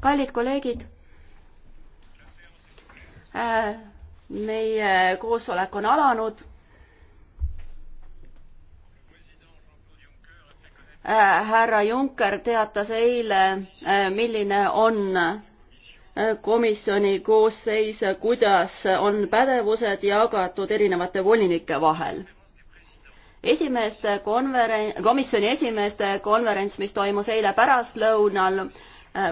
kallid kolleegid, äh, meie koosolek on alanud. Äh, härra Juncker teatas eile, äh, milline on komisjoni koosseis, kuidas on pädevused jagatud erinevate volinike vahel esimeeste konverents, komisjoni esimeeste konverents, mis toimus eile pärastlõunal, äh,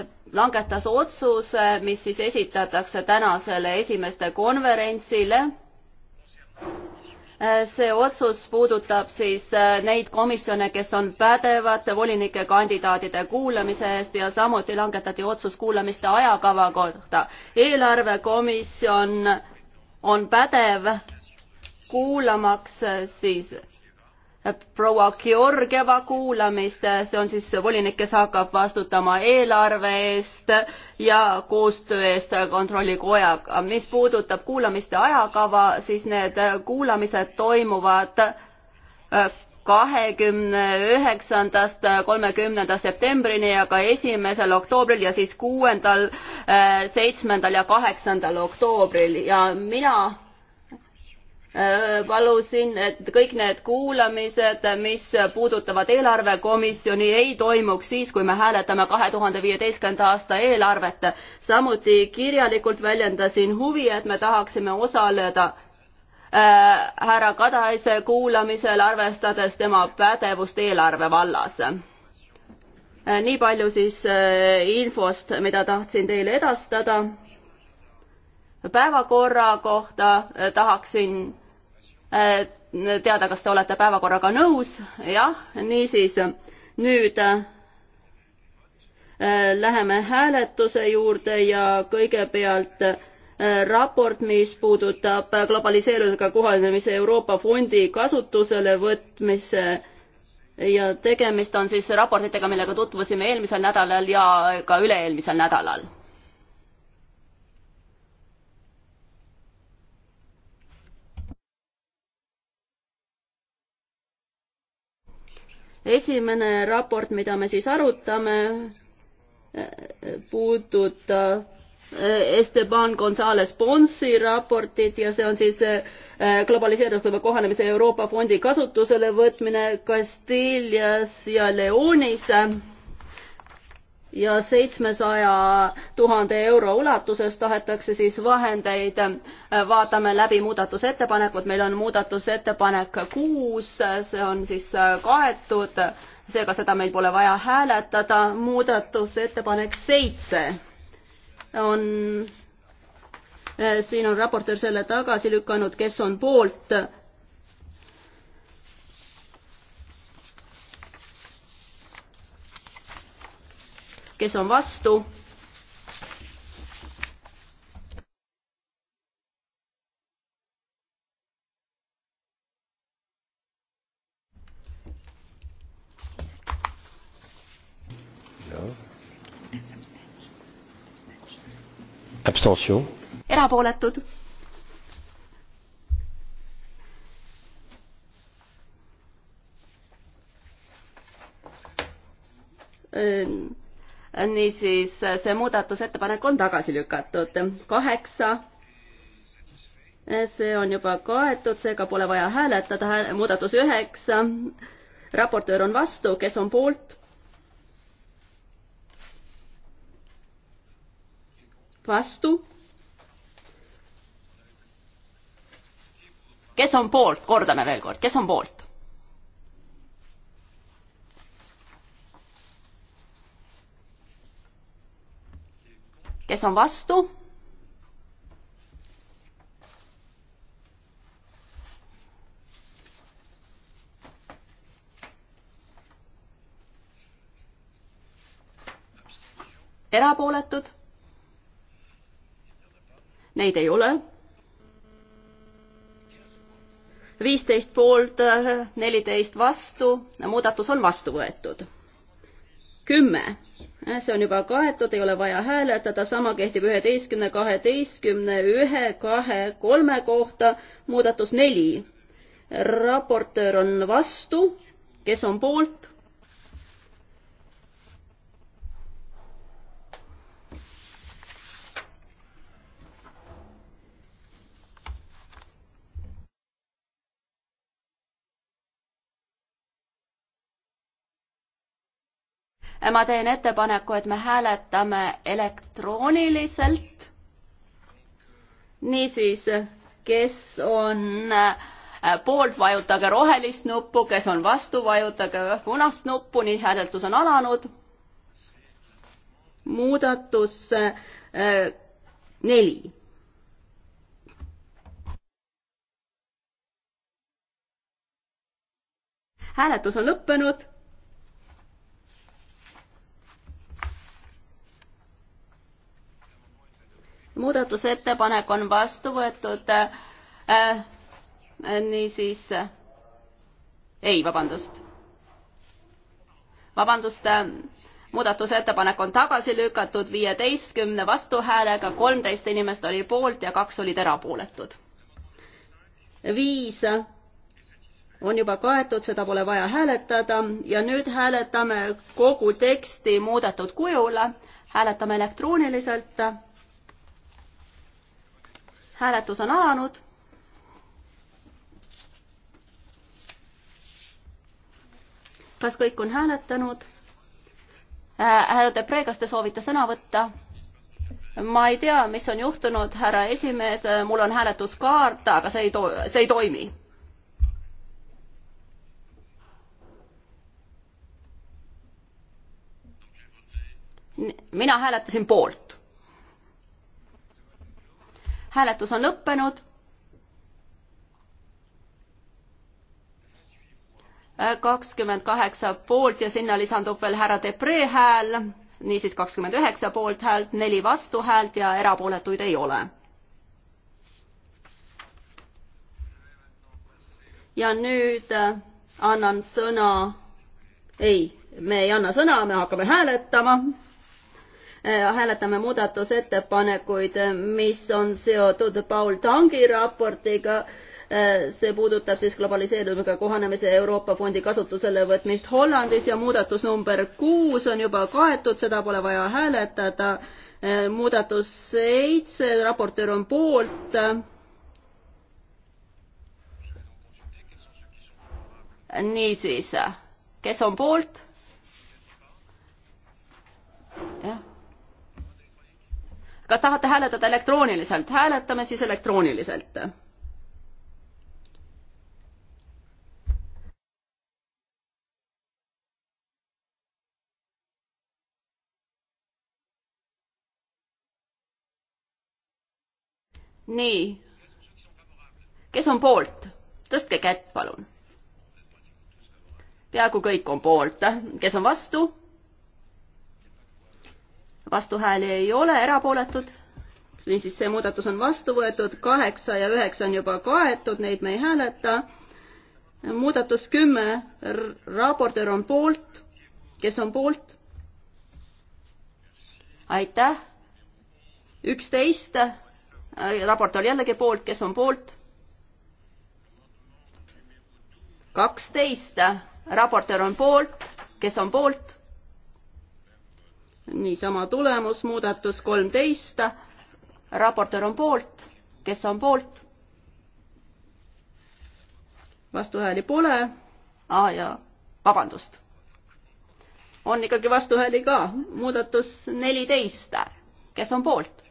äh, langetas otsuse, mis siis esitatakse tänasele esimeeste konverentsile. Äh, see otsus puudutab siis neid komisjone, kes on pädevad volinike kandidaatide kuulamise eest ja samuti langetati otsus kuulamiste ajakava kohta. eelarvekomisjon on pädev kuulamaks eh, siis eh, proua Georgieva kuulamist, eh, see on siis volinik, kes hakkab vastutama eelarve eest ja koostöö eest kontrollikojaga. mis puudutab kuulamiste ajakava, siis need kuulamised toimuvad kahekümne üheksandast kolmekümnenda septembrini ja ka esimesel oktoobril ja siis kuuendal, seitsmendal ja kaheksandal oktoobril ja mina Äh, palusin, et kõik need kuulamised, mis puudutavad eelarvekomisjoni, ei toimuks siis, kui me hääletame kahe tuhande viieteistkümnenda aasta eelarvet. samuti kirjalikult väljendasin huvi, et me tahaksime osaleda äh, härra Kadaise kuulamisel, arvestades tema pädevust eelarve vallas. Äh, nii palju siis infost, mida tahtsin teile edastada päevakorra kohta tahaksin Äh, teada, kas te olete päevakorraga nõus, jah, niisiis nüüd äh, läheme hääletuse juurde ja kõigepealt äh, raport, mis puudutab globaliseerumisega kohanemise Euroopa Fondi kasutusele võtmise ja tegemist on siis raportitega, millega tutvusime eelmisel nädalal ja ka üle-eelmisel nädalal esimene raport, mida me siis arutame, eh, eh, puudutab eh, Esteban Gonzalez Ponsi raportit ja see on siis globaliseerunud kohanemise Euroopa Fondi kasutusele võtmine Castilias ja Leonis ja seitsmesaja tuhande euro ulatuses tahetakse siis vahendeid, vaatame läbi muudatusettepanekud, meil on muudatusettepanek kuus, see on siis kaetud, seega seda meil pole vaja hääletada, muudatusettepanek seitse on, eh, siin on raportöör selle tagasi lükanud, kes on poolt kes on vastu? erapooletud niisiis see muudatusettepanek on tagasi lükatud. kaheksa, see on juba kaetud, seega pole vaja hääletada, muudatus üheksa, raportöör on vastu, kes on poolt? vastu? kes on poolt, kordame veel kord, kes on poolt? kes on vastu? erapooletud? Neid ei ole. viisteist poolt, äh, neliteist vastu, muudatus on vastu võetud kümme, see on juba kaetud, ei ole vaja hääletada, sama kehtib üheteistkümne, kaheteistkümne, ühe, kahe, kolme kohta, muudatus neli. raportöör on vastu, kes on poolt? ma teen ettepaneku, et me hääletame elektrooniliselt. niisiis, kes on äh, poolt, vajutage rohelist nuppu, kes on vastu, vajutage punast nuppu, nii hääletus on alanud. muudatus äh, neli hääletus on lõppenud. muudatusettepanek on vastu võetud äh, äh,. niisiis äh,, ei, vabandust. vabandust äh,, muudatusettepanek on tagasi lükatud viieteistkümne vastuhäälega, kolmteist inimest oli poolt ja kaks olid erapooletud. viis on juba kaetud, seda pole vaja hääletada ja nüüd hääletame kogu teksti muudetud kujul. hääletame elektrooniliselt hääletus on alanud. kas kõik on hääletanud? Äh, härra Debre, kas te soovite sõna võtta? ma ei tea, mis on juhtunud, härra esimees, mul on hääletuskaart, aga see ei to-, see ei toimi. mina hääletasin poolt hääletus on lõppenud. kakskümmend kaheksa poolt ja sinna lisandub veel härra Depree hääl, niisiis kakskümmend üheksa poolthäält, neli vastuhäält ja erapooletuid ei ole. ja nüüd äh, annan sõna, ei, me ei anna sõna, me hakkame hääletama Äh, hääletame muudatusettepanekuid, äh, mis on seotud Paul Tangi raportiga. Äh, see puudutab siis globaliseerumisega kohanemise Euroopa Fondi kasutusele võtmist Hollandis ja muudatus number kuus on juba kaetud, seda pole vaja hääletada. muudatus seitse, raportöör on poolt niisiis, kes on poolt? kas tahate hääletada elektrooniliselt? hääletame siis elektrooniliselt. nii. kes on poolt? tõstke kätt, palun. peaaegu kõik on poolt. kes on vastu? vastuhääli ei ole, erapooletud? niisiis, see muudatus on vastu võetud, kaheksa ja üheksa on juba kaetud, neid me ei hääleta. muudatus kümme, raportöör on poolt. kes on poolt? aitäh. üksteist, raportöör jällegi poolt, kes on poolt? kaksteist, raportöör on poolt, kes on poolt? niisama tulemus, muudatus kolmteist, raportöör on poolt, kes on poolt? vastuhääli pole, aa jaa, vabandust. on ikkagi vastuhääli ka, muudatus neliteist, kes on poolt?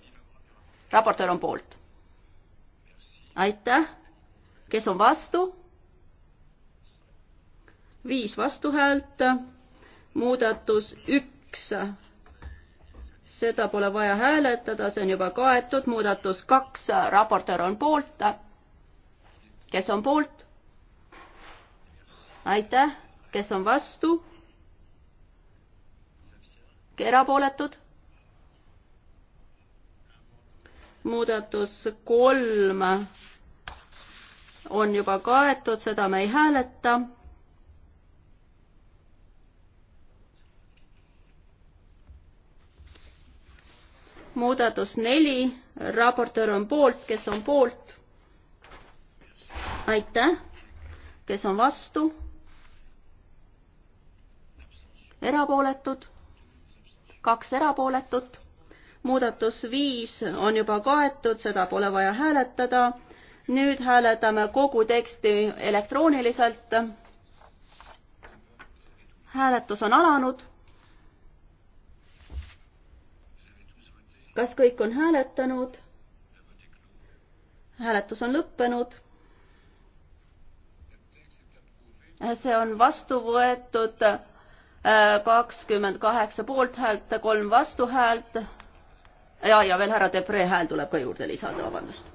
raportöör on poolt. aitäh, kes on vastu? viis vastuhäält, muudatus üks seda pole vaja hääletada, see on juba kaetud, muudatus kaks, raportöör on poolt. kes on poolt? aitäh, kes on vastu? erapooletud? muudatus kolm on juba kaetud, seda me ei hääleta muudatus neli, raportöör on poolt, kes on poolt? aitäh, kes on vastu? erapooletud, kaks erapooletut, muudatus viis on juba kaetud, seda pole vaja hääletada. nüüd hääletame kogu teksti elektrooniliselt. hääletus on alanud kas kõik on hääletanud? hääletus on lõppenud. see on vastu võetud äh, kakskümmend kaheksa poolthäält, kolm vastuhäält. ja, ja veel härra Debre hääl tuleb ka juurde lisada, vabandust.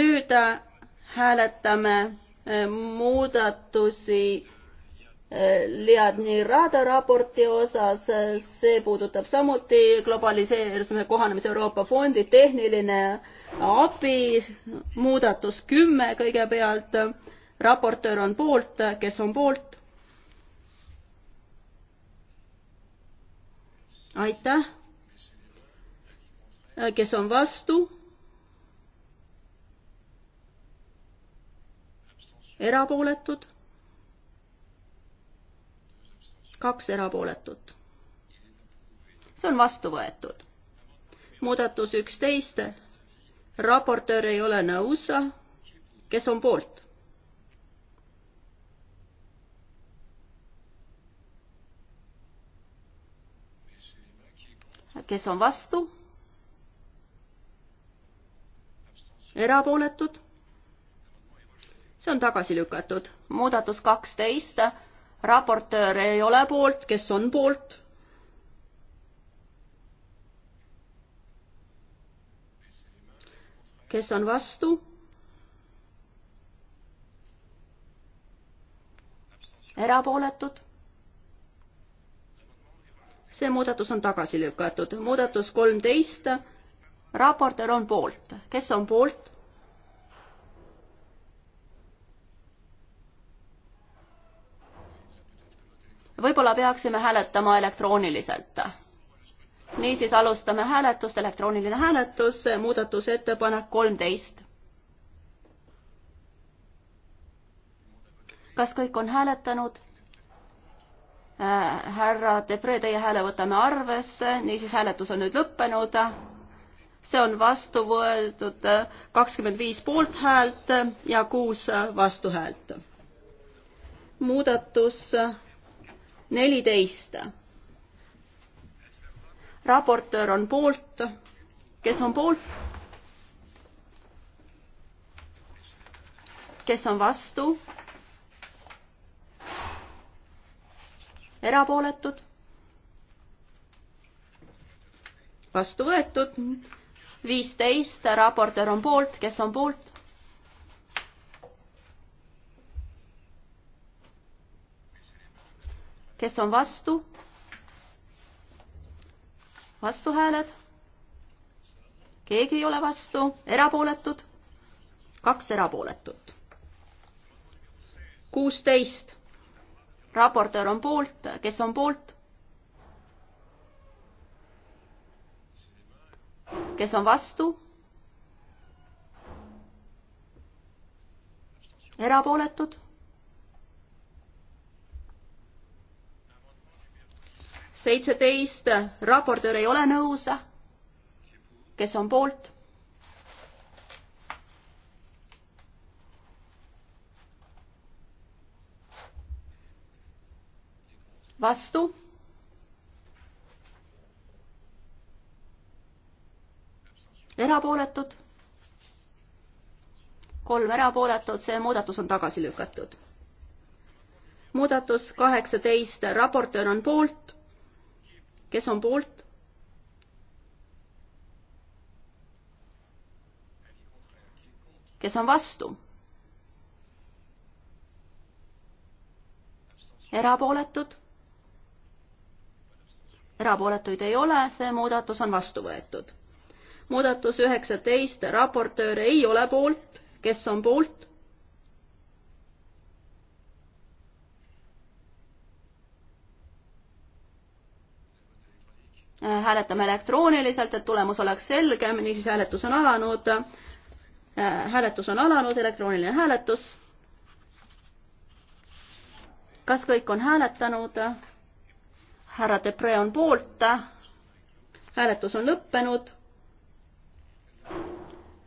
nüüd äh, hääletame äh, muudatusi Eh, Leadni Rada raporti osas, eh, see puudutab samuti globaliseerimise kohanemise Euroopa fondi tehniline abi, muudatus kümme kõigepealt, raportöör on poolt, kes on poolt? aitäh. Eh, kes on vastu? erapooletud kaks erapooletut. see on vastu võetud. muudatus üksteist, raportöör ei ole nõus, kes on poolt? kes on vastu? erapooletud? see on tagasi lükatud. muudatus kaksteist, raportöör ei ole poolt, kes on poolt? kes on vastu? erapooletud? see muudatus on tagasi lükatud. muudatus kolmteist, raportöör on poolt. kes on poolt? võib-olla peaksime hääletama elektrooniliselt. niisiis alustame hääletust, elektrooniline hääletus, muudatusettepanek kolmteist. kas kõik on hääletanud? Äh, härra Debre, teie hääle võtame arvesse, niisiis hääletus on nüüd lõppenud. see on vastu võetud kakskümmend viis poolthäält ja kuus vastuhäält. muudatus neliteist. raportöör on poolt, kes on poolt? kes on vastu? erapooletud? vastu võetud. viisteist, raportöör on poolt, kes on poolt? kes on vastu? vastuhääled? keegi ei ole vastu, erapooletud? kaks erapooletut. kuusteist. raportöör on poolt, kes on poolt? kes on vastu? erapooletud? seitseteist, raportöör ei ole nõus. kes on poolt? vastu erapooletud, kolm erapooletut, see muudatus on tagasi lükatud. muudatus kaheksateist, raportöör on poolt, kes on poolt? kes on vastu? erapooletud? erapooletuid ei ole, see muudatus on vastu võetud. muudatus üheksateist, raportöör ei ole poolt, kes on poolt? Äh, hääletame elektrooniliselt, et tulemus oleks selgem, niisiis hääletus on alanud. Äh, hääletus on alanud, elektrooniline hääletus. kas kõik on hääletanud? härra Depre on poolt. hääletus on lõppenud.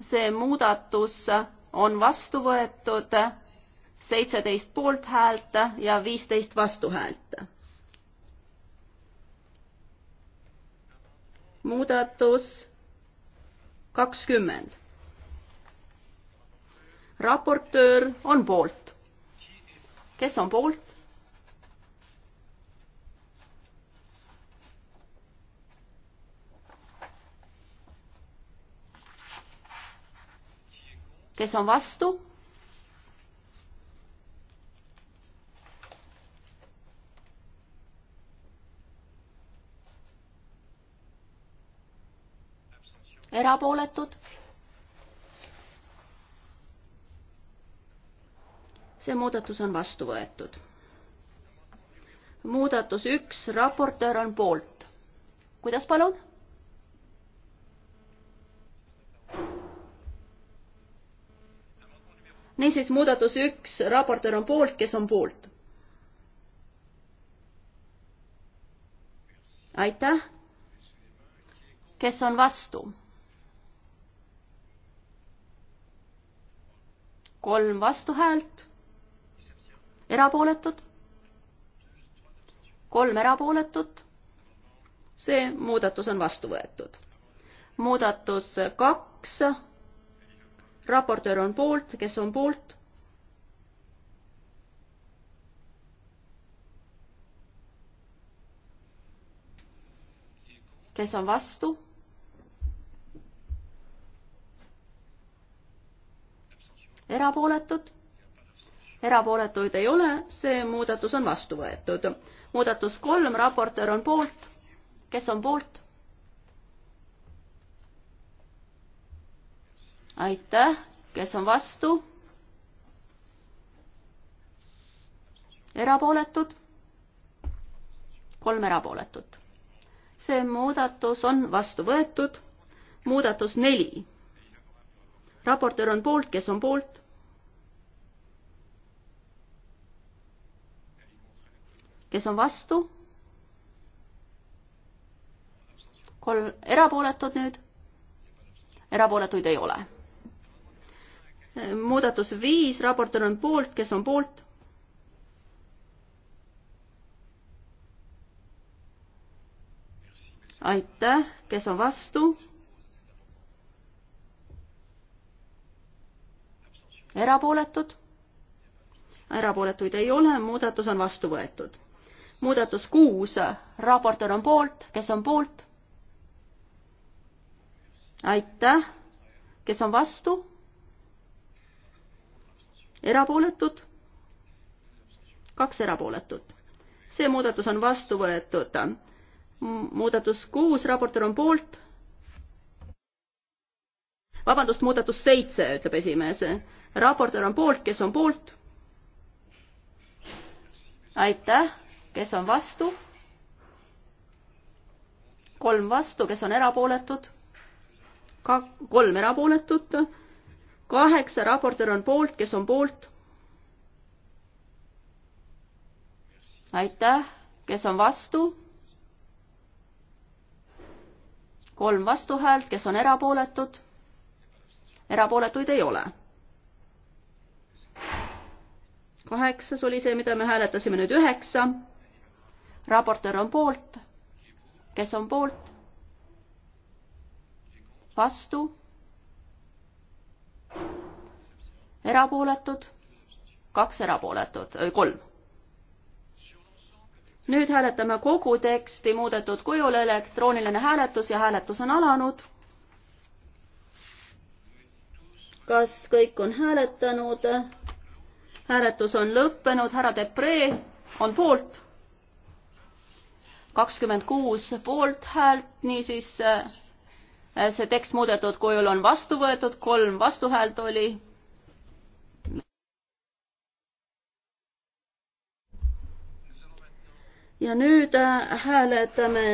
see muudatus on vastu võetud, seitseteist poolthäält ja viisteist vastuhäält muudatus kakskümmend. raportöör on poolt. kes on poolt? kes on vastu? erapooletud. see muudatus on vastu võetud. muudatus üks, raportöör on poolt. kuidas palun? niisiis, muudatus üks, raportöör on poolt, kes on poolt? aitäh. kes on vastu? kolm vastuhäält, erapooletud, kolm erapooletut. see muudatus on vastu võetud. muudatus kaks, raportöör on poolt, kes on poolt? kes on vastu? erapooletud? erapooletuid ei ole, see muudatus on vastu võetud. muudatus kolm, raportöör on poolt. kes on poolt? aitäh, kes on vastu? erapooletud? kolm erapooletut. see muudatus on vastu võetud. muudatus neli raportöör on poolt, kes on poolt? kes on vastu? kolm, erapooletud nüüd? erapooletuid ei ole. muudatus viis, raportöör on poolt, kes on poolt? aitäh, kes on vastu? erapooletud? erapooletuid ei ole, muudatus on vastu võetud. muudatus kuus, raportöör on poolt, kes on poolt? aitäh, kes on vastu? erapooletud? kaks erapooletut. see muudatus on vastu võetud. muudatus kuus, raportöör on poolt. vabandust, muudatus seitse, ütleb esimees raportöör on poolt, kes on poolt? aitäh, kes on vastu? kolm vastu, kes on erapooletud? ka kolm erapooletut. kaheksa raportöör on poolt, kes on poolt? aitäh, kes on vastu? kolm vastuhäält, kes on erapooletud? erapooletuid ei ole kaheksas oli see, mida me hääletasime, nüüd üheksa. raportöör on poolt. kes on poolt? vastu? erapooletud? kaks erapooletut, äh, kolm. nüüd hääletame kogu teksti muudetud kujul, elektrooniline hääletus ja hääletus on alanud kas kõik on hääletanud? hääletus on lõppenud, härra Depree on poolt. kakskümmend kuus poolthäält, niisiis äh, see tekst muudetud kujul on vastu võetud, kolm vastuhäält oli. ja nüüd äh, hääletame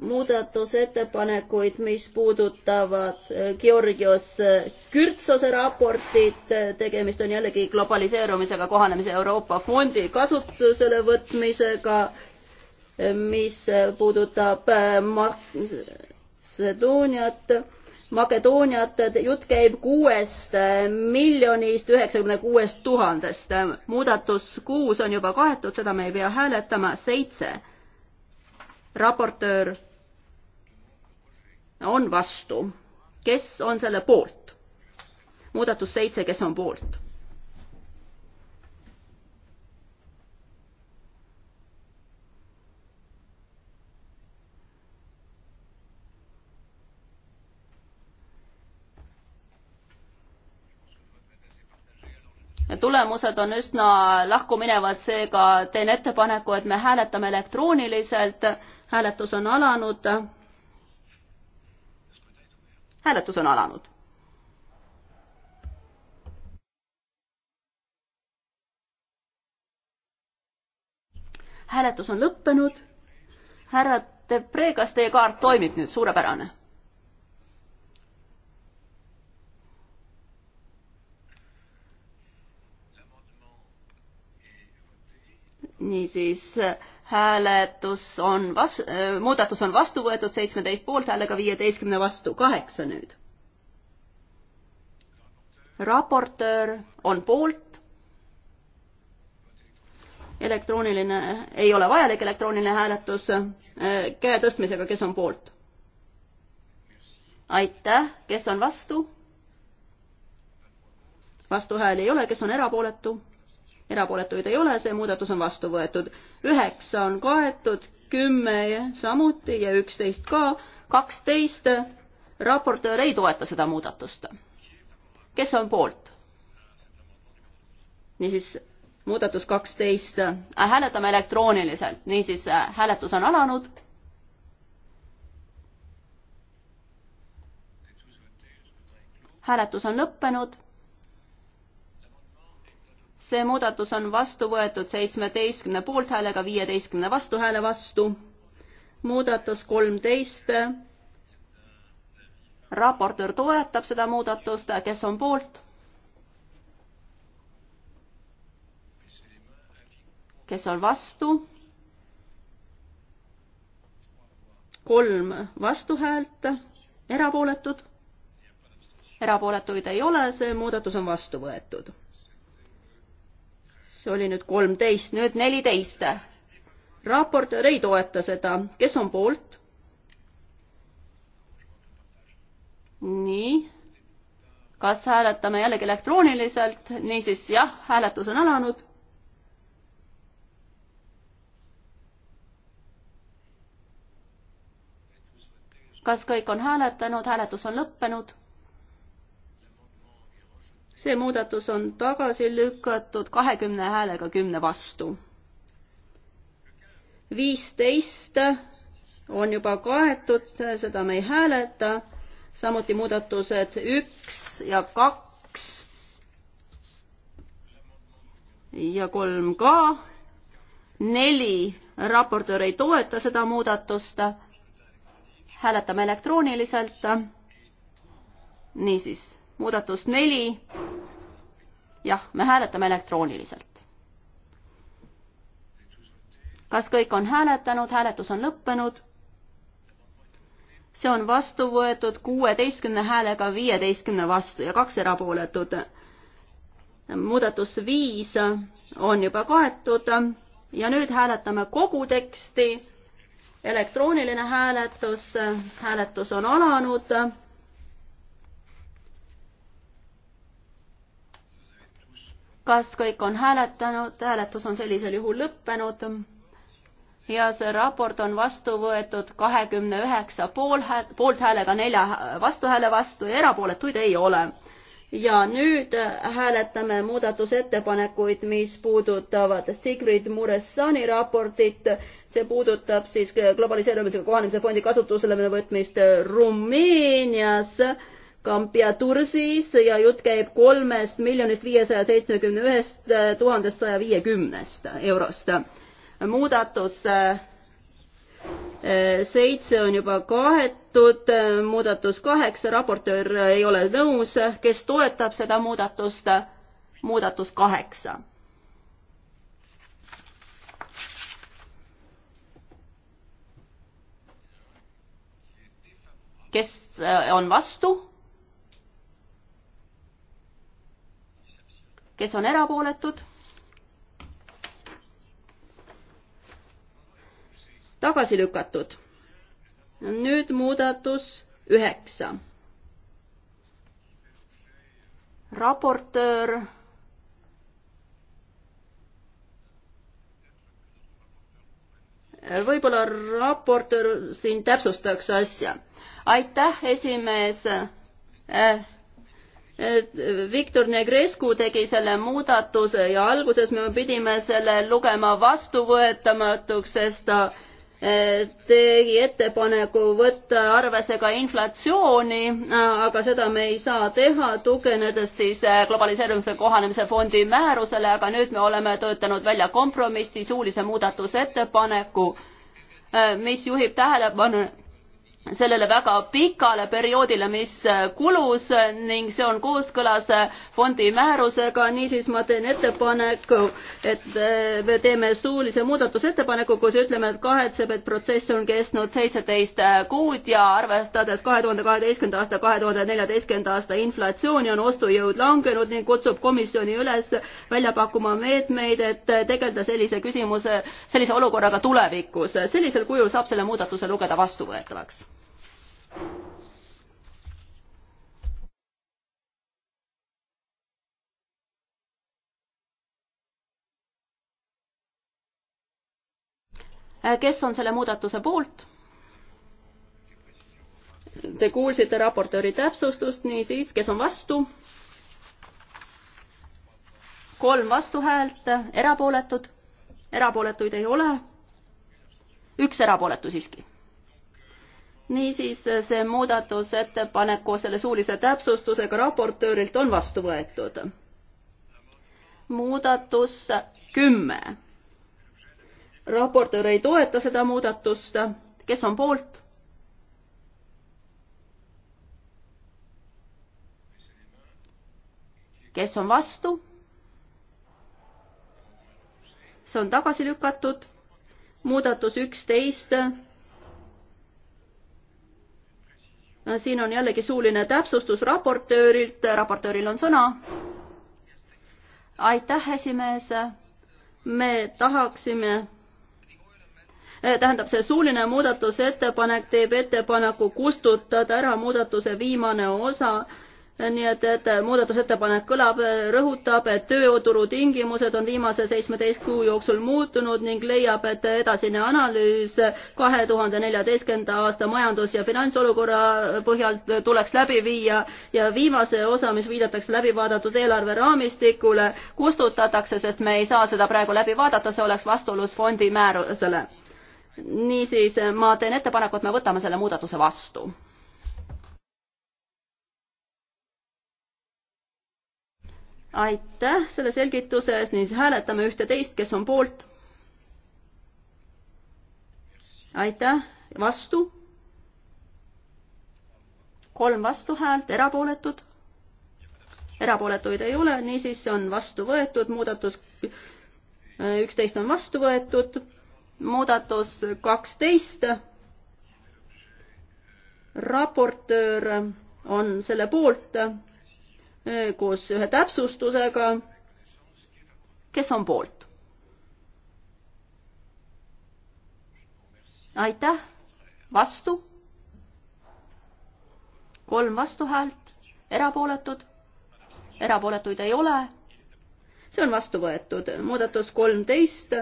muudatusettepanekuid, mis puudutavad äh, Georgios äh, Kürtsose raportit, tegemist on jällegi globaliseerumisega kohanemise Euroopa Fondi kasutusele võtmisega, äh, mis puudutab Makedooniat, Makedooniat, jutt käib kuuest miljonist üheksakümne kuuest tuhandest. muudatus kuus on juba kaetud, seda me ei pea hääletama, seitse. raportöör on vastu, kes on selle poolt? muudatus seitse, kes on poolt? tulemused on üsna lahkuminevad, seega teen ettepaneku, et me hääletame elektrooniliselt. hääletus on alanud hääletus on alanud. hääletus on lõppenud. härra Debre, kas teie kaart toimib nüüd, suurepärane niisiis hääletus on vas-, äh, muudatus on vastu võetud seitsmeteist poolthäälega, viieteistkümne vastu, kaheksa nüüd. raportöör on poolt. elektrooniline, ei ole vajalik elektrooniline hääletus, äh, käe tõstmisega, kes on poolt? aitäh, kes on vastu? vastuhääli ei ole, kes on erapooletu? erapooletuid ei ole, see muudatus on vastu võetud. üheksa on kaetud, kümme samuti ja üksteist ka, kaksteist, raportöör ei toeta seda muudatust. kes on poolt? niisiis, muudatus kaksteist, äh, hääletame elektrooniliselt, niisiis äh, hääletus on alanud hääletus on lõppenud see muudatus on vastu võetud seitsmeteistkümne poolthäälega, viieteistkümne vastuhääle vastu. muudatus kolmteist. raportöör toetab seda muudatust, kes on poolt? kes on vastu? kolm vastuhäält, erapooletud. erapooletuid ei ole, see muudatus on vastu võetud see oli nüüd kolmteist, nüüd neliteist. raportöör ei toeta seda, kes on poolt? nii, kas hääletame jällegi elektrooniliselt, niisiis jah, hääletus on alanud. kas kõik on hääletanud, hääletus on lõppenud see muudatus on tagasi lükatud kahekümne häälega kümne vastu. viisteist on juba kaetud, seda me ei hääleta, samuti muudatused üks ja kaks ja kolm ka. neli, raportöör ei toeta seda muudatust. hääletame elektrooniliselt. niisiis, muudatus neli jah, me hääletame elektrooniliselt. kas kõik on hääletanud, hääletus on lõppenud? see on vastu võetud kuueteistkümne häälega viieteistkümne vastu ja kaks erapooletut. muudatus viis on juba kaetud ja nüüd hääletame kogu teksti. elektrooniline hääletus, hääletus on alanud kas kõik on hääletanud, hääletus on sellisel juhul lõppenud ja see raport on vastu võetud kahekümne üheksa poolhääl-, poolthäälega nelja vastuhääle vastu ja erapooletuid ei ole. ja nüüd hääletame muudatusettepanekuid, mis puudutavad Sigrid Muressani raportit, see puudutab siis globaliseerumisega kohanemise fondi kasutusele võtmist Rumeenias Kampia Tursis ja jutt käib kolmest miljonist viiesaja seitsmekümne ühest tuhandest saja viiekümnest eurost. muudatus eh, seitse on juba kaetud, muudatus kaheksa, raportöör ei ole nõus, kes toetab seda muudatust? muudatus kaheksa. kes eh, on vastu? kes on erapooletud? tagasi lükatud. nüüd muudatus üheksa. raportöör võib-olla raportöör siin täpsustaks asja. aitäh, esimees äh Viktor Negrescu tegi selle muudatuse ja alguses me pidime selle lugema vastuvõetamatuks, sest ta e, tegi ettepaneku võtta arvesse ka inflatsiooni, aga seda me ei saa teha, tuginedes siis e, globaliseerumise kohanemise fondi määrusele, aga nüüd me oleme töötanud välja kompromissi suulise muudatusettepaneku, e, mis juhib tähelepanu sellele väga pikale perioodile, mis äh, kulus ning see on kooskõlas äh, fondi määrusega, niisiis ma teen ettepaneku, et äh, me teeme suulise muudatusettepaneku, kus ütleme, et kahetseb, et protsess on kestnud seitseteist kuud ja arvestades kahe tuhande kaheteistkümnenda aasta, kahe tuhande neljateistkümnenda aasta inflatsiooni on ostujõud langenud ning kutsub komisjoni üles välja pakkuma meetmeid, et tegeleda sellise küsimuse, sellise olukorraga tulevikus. sellisel kujul saab selle muudatuse lugeda vastuvõetavaks Äh, kes on selle muudatuse poolt? Te kuulsite raportööri täpsustust, niisiis, kes on vastu? kolm vastuhäält, erapooletud, erapooletuid ei ole, üks erapooletu siiski niisiis see muudatusettepanek koos selle suulise täpsustusega raportöörilt on vastu võetud. muudatus kümme. raportöör ei toeta seda muudatust, kes on poolt? kes on vastu? see on tagasi lükatud. muudatus üksteist siin on jällegi suuline täpsustus raportöörilt, raportööril on sõna. aitäh, esimees. me tahaksime eh, tähendab, see suuline muudatusettepanek teeb ettepaneku kustutada ära muudatuse viimane osa, nii et, et muudatusettepanek kõlab, rõhutab, et tööturutingimused on viimase seitsmeteist kuu jooksul muutunud ning leiab, et edasine analüüs kahe tuhande neljateistkümnenda aasta majandus- ja finantsolukorra põhjal tuleks läbi viia ja viimase osa, mis viidatakse läbivaadatud eelarveraamistikule, kustutatakse, sest me ei saa seda praegu läbi vaadata, see oleks vastuolus fondi määrusele. niisiis, ma teen ettepaneku, et me võtame selle muudatuse vastu aitäh selle selgituse eest, niisiis hääletame ühte-teist, kes on poolt. aitäh, vastu. kolm vastuhäält, erapooletud. erapooletuid ei ole, niisiis see on vastu võetud, muudatus üksteist on vastu võetud, muudatus kaksteist. raportöör on selle poolt Äh, koos ühe täpsustusega. kes on poolt? aitäh, vastu? kolm vastuhäält, erapooletud? erapooletuid ei ole. see on vastu võetud, muudatus kolmteist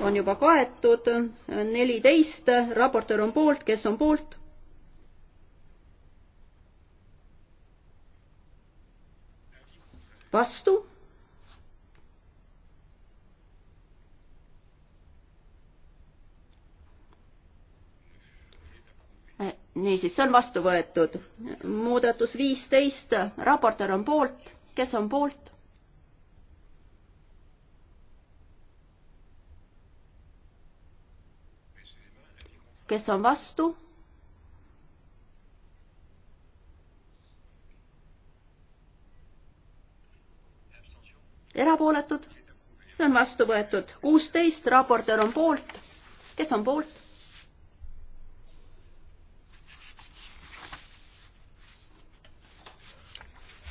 on juba kaetud, neliteist, raportöör on poolt, kes on poolt? vastu. Äh, niisiis, see on vastu võetud. muudatus viisteist, raportöör on poolt, kes on poolt? kes on vastu? erapooletud, see on vastu võetud. kuusteist, raportöör on poolt. kes on poolt?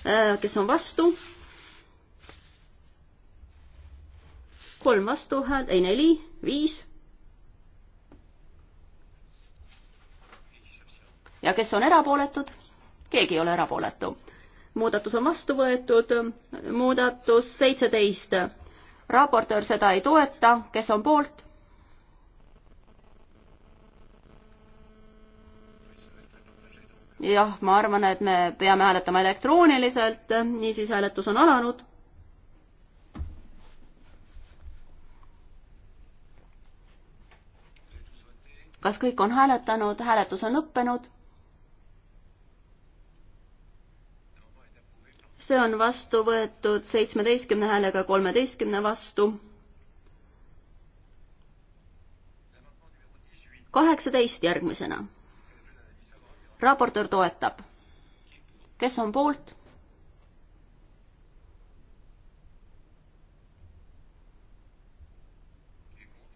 Äh, kes on vastu? kolm vastuhäält, ei neli, viis. ja kes on erapooletud? keegi ei ole erapooletu muudatus on vastu võetud, muudatus seitseteist. raportöör seda ei toeta, kes on poolt? jah, ma arvan, et me peame hääletama elektrooniliselt, niisiis hääletus on alanud. kas kõik on hääletanud, hääletus on lõppenud see on vastu võetud seitsmeteistkümne häälega kolmeteistkümne vastu. kaheksateist järgmisena. raportöör toetab. kes on poolt?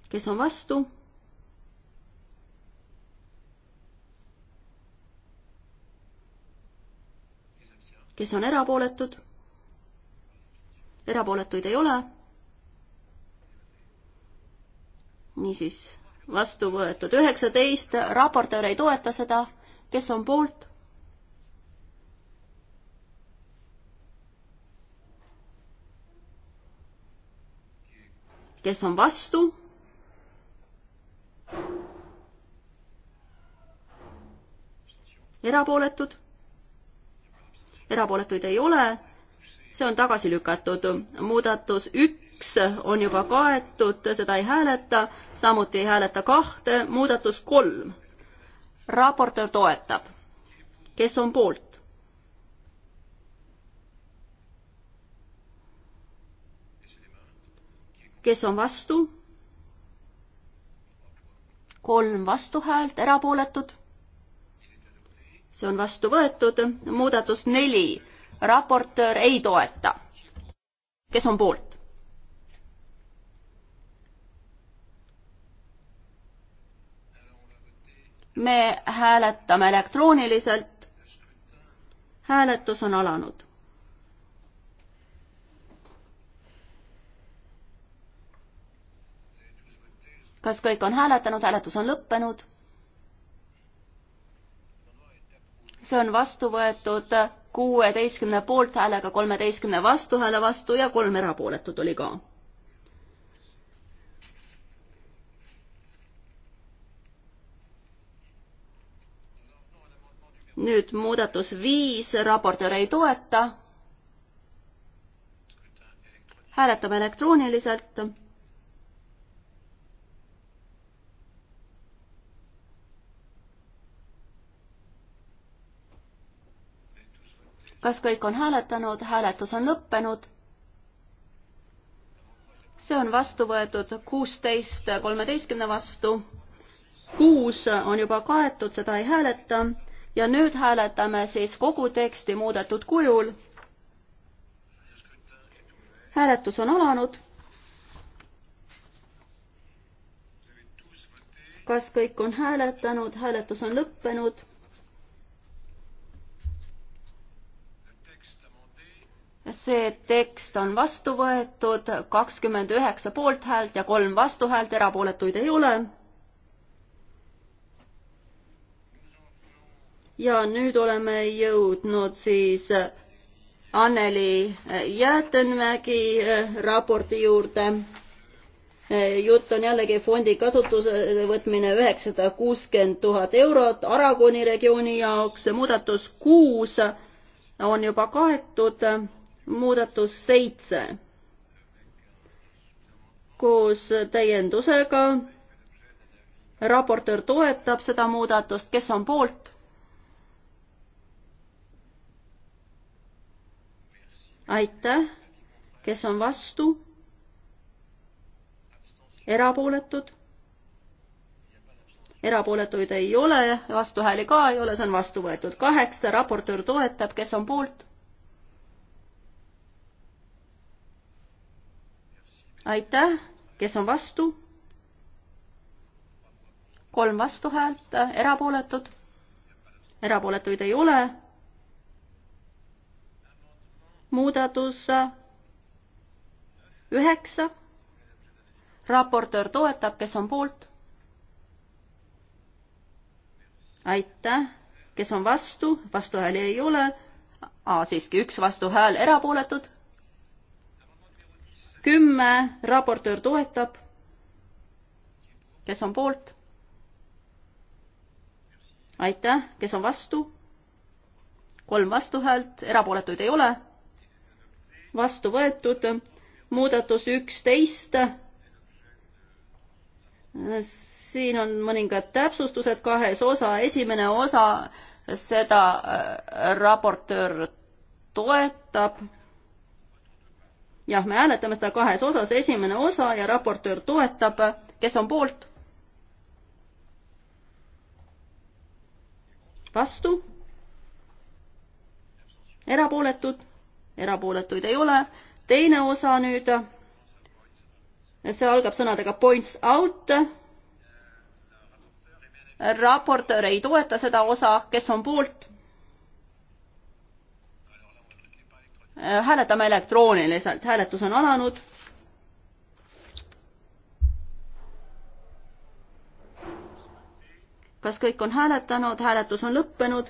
kes on vastu? kes on erapooletud? erapooletuid ei ole. niisiis, vastu võetud üheksateist, raportöör ei toeta seda, kes on poolt? kes on vastu? erapooletud erapooletuid ei ole, see on tagasi lükatud. muudatus üks on juba kaetud, seda ei hääleta, samuti ei hääleta kahte, muudatus kolm. raportöör toetab. kes on poolt? kes on vastu? kolm vastuhäält, erapooletud see on vastu võetud, muudatus neli, raportöör ei toeta. kes on poolt? me hääletame elektrooniliselt. hääletus on alanud. kas kõik on hääletanud, hääletus on lõppenud see on vastu võetud kuueteistkümne poolthäälega, kolmeteistkümne vastuhääle vastu ja kolm erapooletut oli ka. nüüd muudatus viis, raportöör ei toeta. hääletame elektrooniliselt kas kõik on hääletanud, hääletus on lõppenud. see on vastu võetud kuusteist kolmeteistkümne vastu. kuus on juba kaetud, seda ei hääleta ja nüüd hääletame siis kogu teksti muudetud kujul. hääletus on alanud. kas kõik on hääletanud, hääletus on lõppenud see tekst on vastu võetud, kakskümmend üheksa poolthäält ja kolm vastuhäält, erapooletuid ei ole. ja nüüd oleme jõudnud siis Anneli Jäätenmägi eh, raporti juurde. Eh, jutt on jällegi fondi kasutusele võtmine üheksasada kuuskümmend tuhat eurot Aragoni regiooni jaoks, muudatus kuus on juba kaetud muudatus seitse koos täiendusega. raportöör toetab seda muudatust, kes on poolt? aitäh, kes on vastu? erapooletud? erapooletuid ei ole, vastuhääli ka ei ole, see on vastu võetud kaheksa, raportöör toetab, kes on poolt? aitäh, kes on vastu? kolm vastuhäält, äh, erapooletud? erapooletuid ei ole. muudatus äh, üheksa. raportöör toetab, kes on poolt? aitäh, kes on vastu, vastuhääli ei ole. siiski üks vastuhääl, erapooletud kümme, raportöör toetab. kes on poolt? aitäh, kes on vastu? kolm vastuhäält, erapooletuid ei ole. vastu võetud, muudatus üksteist. siin on mõningad täpsustused kahes osa, esimene osa, seda äh, raportöör toetab jah, me hääletame seda kahes osas, esimene osa ja raportöör toetab, kes on poolt? vastu? erapooletud? erapooletuid ei ole. teine osa nüüd, see algab sõnadega points out. raportöör ei toeta seda osa, kes on poolt? Äh, hääletame elektrooniliselt, hääletus on alanud. kas kõik on hääletanud, hääletus on lõppenud?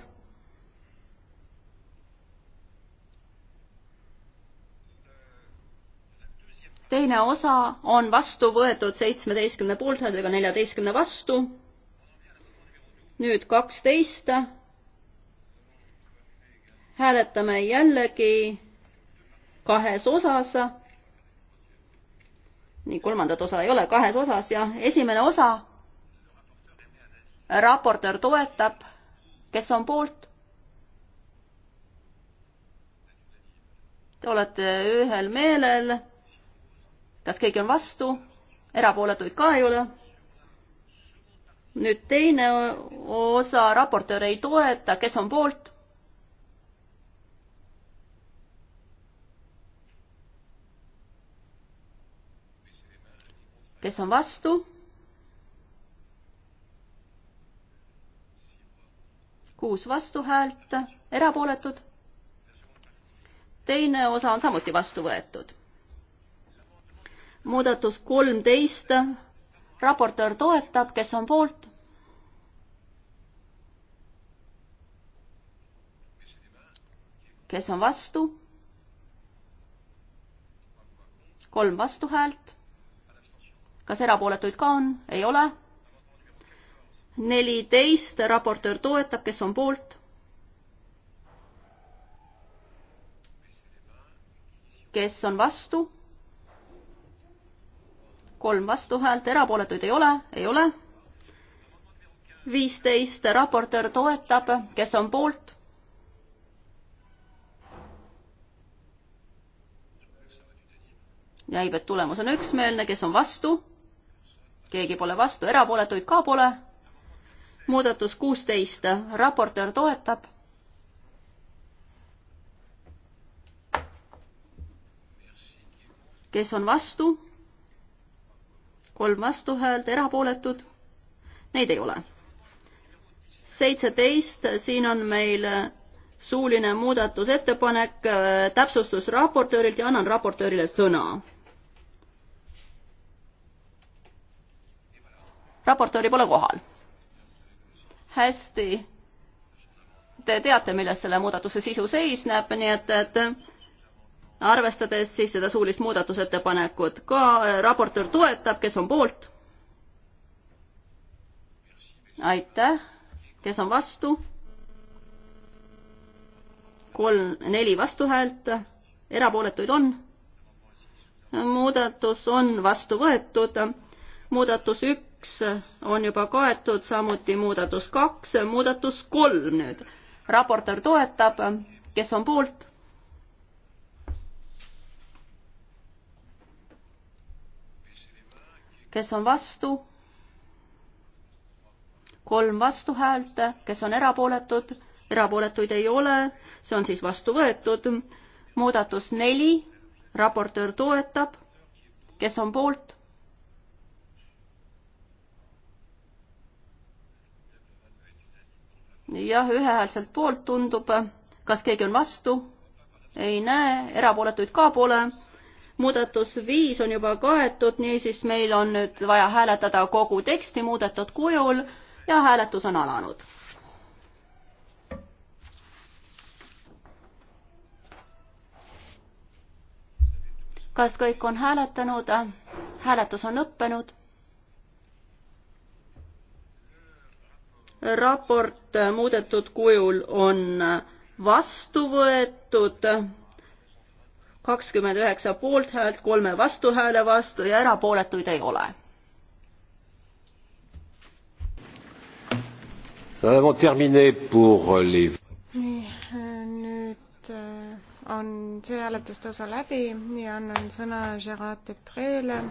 teine osa on vastu võetud seitsmeteistkümne poolthäälega neljateistkümne vastu. nüüd kaksteist hääletame jällegi kahes osas. nii, kolmandat osa ei ole, kahes osas ja esimene osa. raportöör toetab, kes on poolt? Te olete ühel meelel. kas keegi on vastu? erapooletuid ka ei ole nüüd teine osa raportöör ei toeta, kes on poolt? kes on vastu? kuus vastuhäält, erapooletud. teine osa on samuti vastu võetud. muudatus kolmteist, raportöör toetab, kes on poolt? kes on vastu? kolm vastuhäält kas erapooletuid ka on? ei ole. neliteist, raportöör toetab, kes on poolt? kes on vastu? kolm vastuhäält, erapooletuid ei ole, ei ole. viisteist, raportöör toetab, kes on poolt? näib, et tulemus on üksmeelne, kes on vastu? keegi pole vastu, erapooletuid ka pole. muudatus kuusteist, raportöör toetab. kes on vastu? kolm vastuhäält, erapooletud? Neid ei ole. seitseteist, siin on meil suuline muudatusettepanek, täpsustus raportöörilt ja annan raportöörile sõna raportööri pole kohal. hästi. Te teate, milles selle muudatuse sisu seisneb, nii et, et arvestades siis seda suulist muudatusettepanekut ka raportöör toetab, kes on poolt? aitäh, kes on vastu? kolm, neli vastuhäält, erapooletuid on. muudatus on vastu võetud, muudatus üks üks on juba kaetud, samuti muudatus kaks, muudatus kolm nüüd. raportöör toetab, kes on poolt? kes on vastu? kolm vastuhäält, kes on erapooletud? erapooletuid ei ole, see on siis vastu võetud. muudatus neli, raportöör toetab, kes on poolt? jah, ühehäälselt poolt tundub. kas keegi on vastu? ei näe, erapooletuid ka pole. muudatus viis on juba kaetud, niisiis meil on nüüd vaja hääletada kogu teksti muudetud kujul ja hääletus on alanud. kas kõik on hääletanud? hääletus on lõppenud raport muudetud kujul on vastu võetud kakskümmend üheksa poolthäält, kolme vastuhääle vastu ja erapooletuid ei ole. nii, nüüd äh, on see hääletuste osa läbi ja annan sõna Gerard Depreele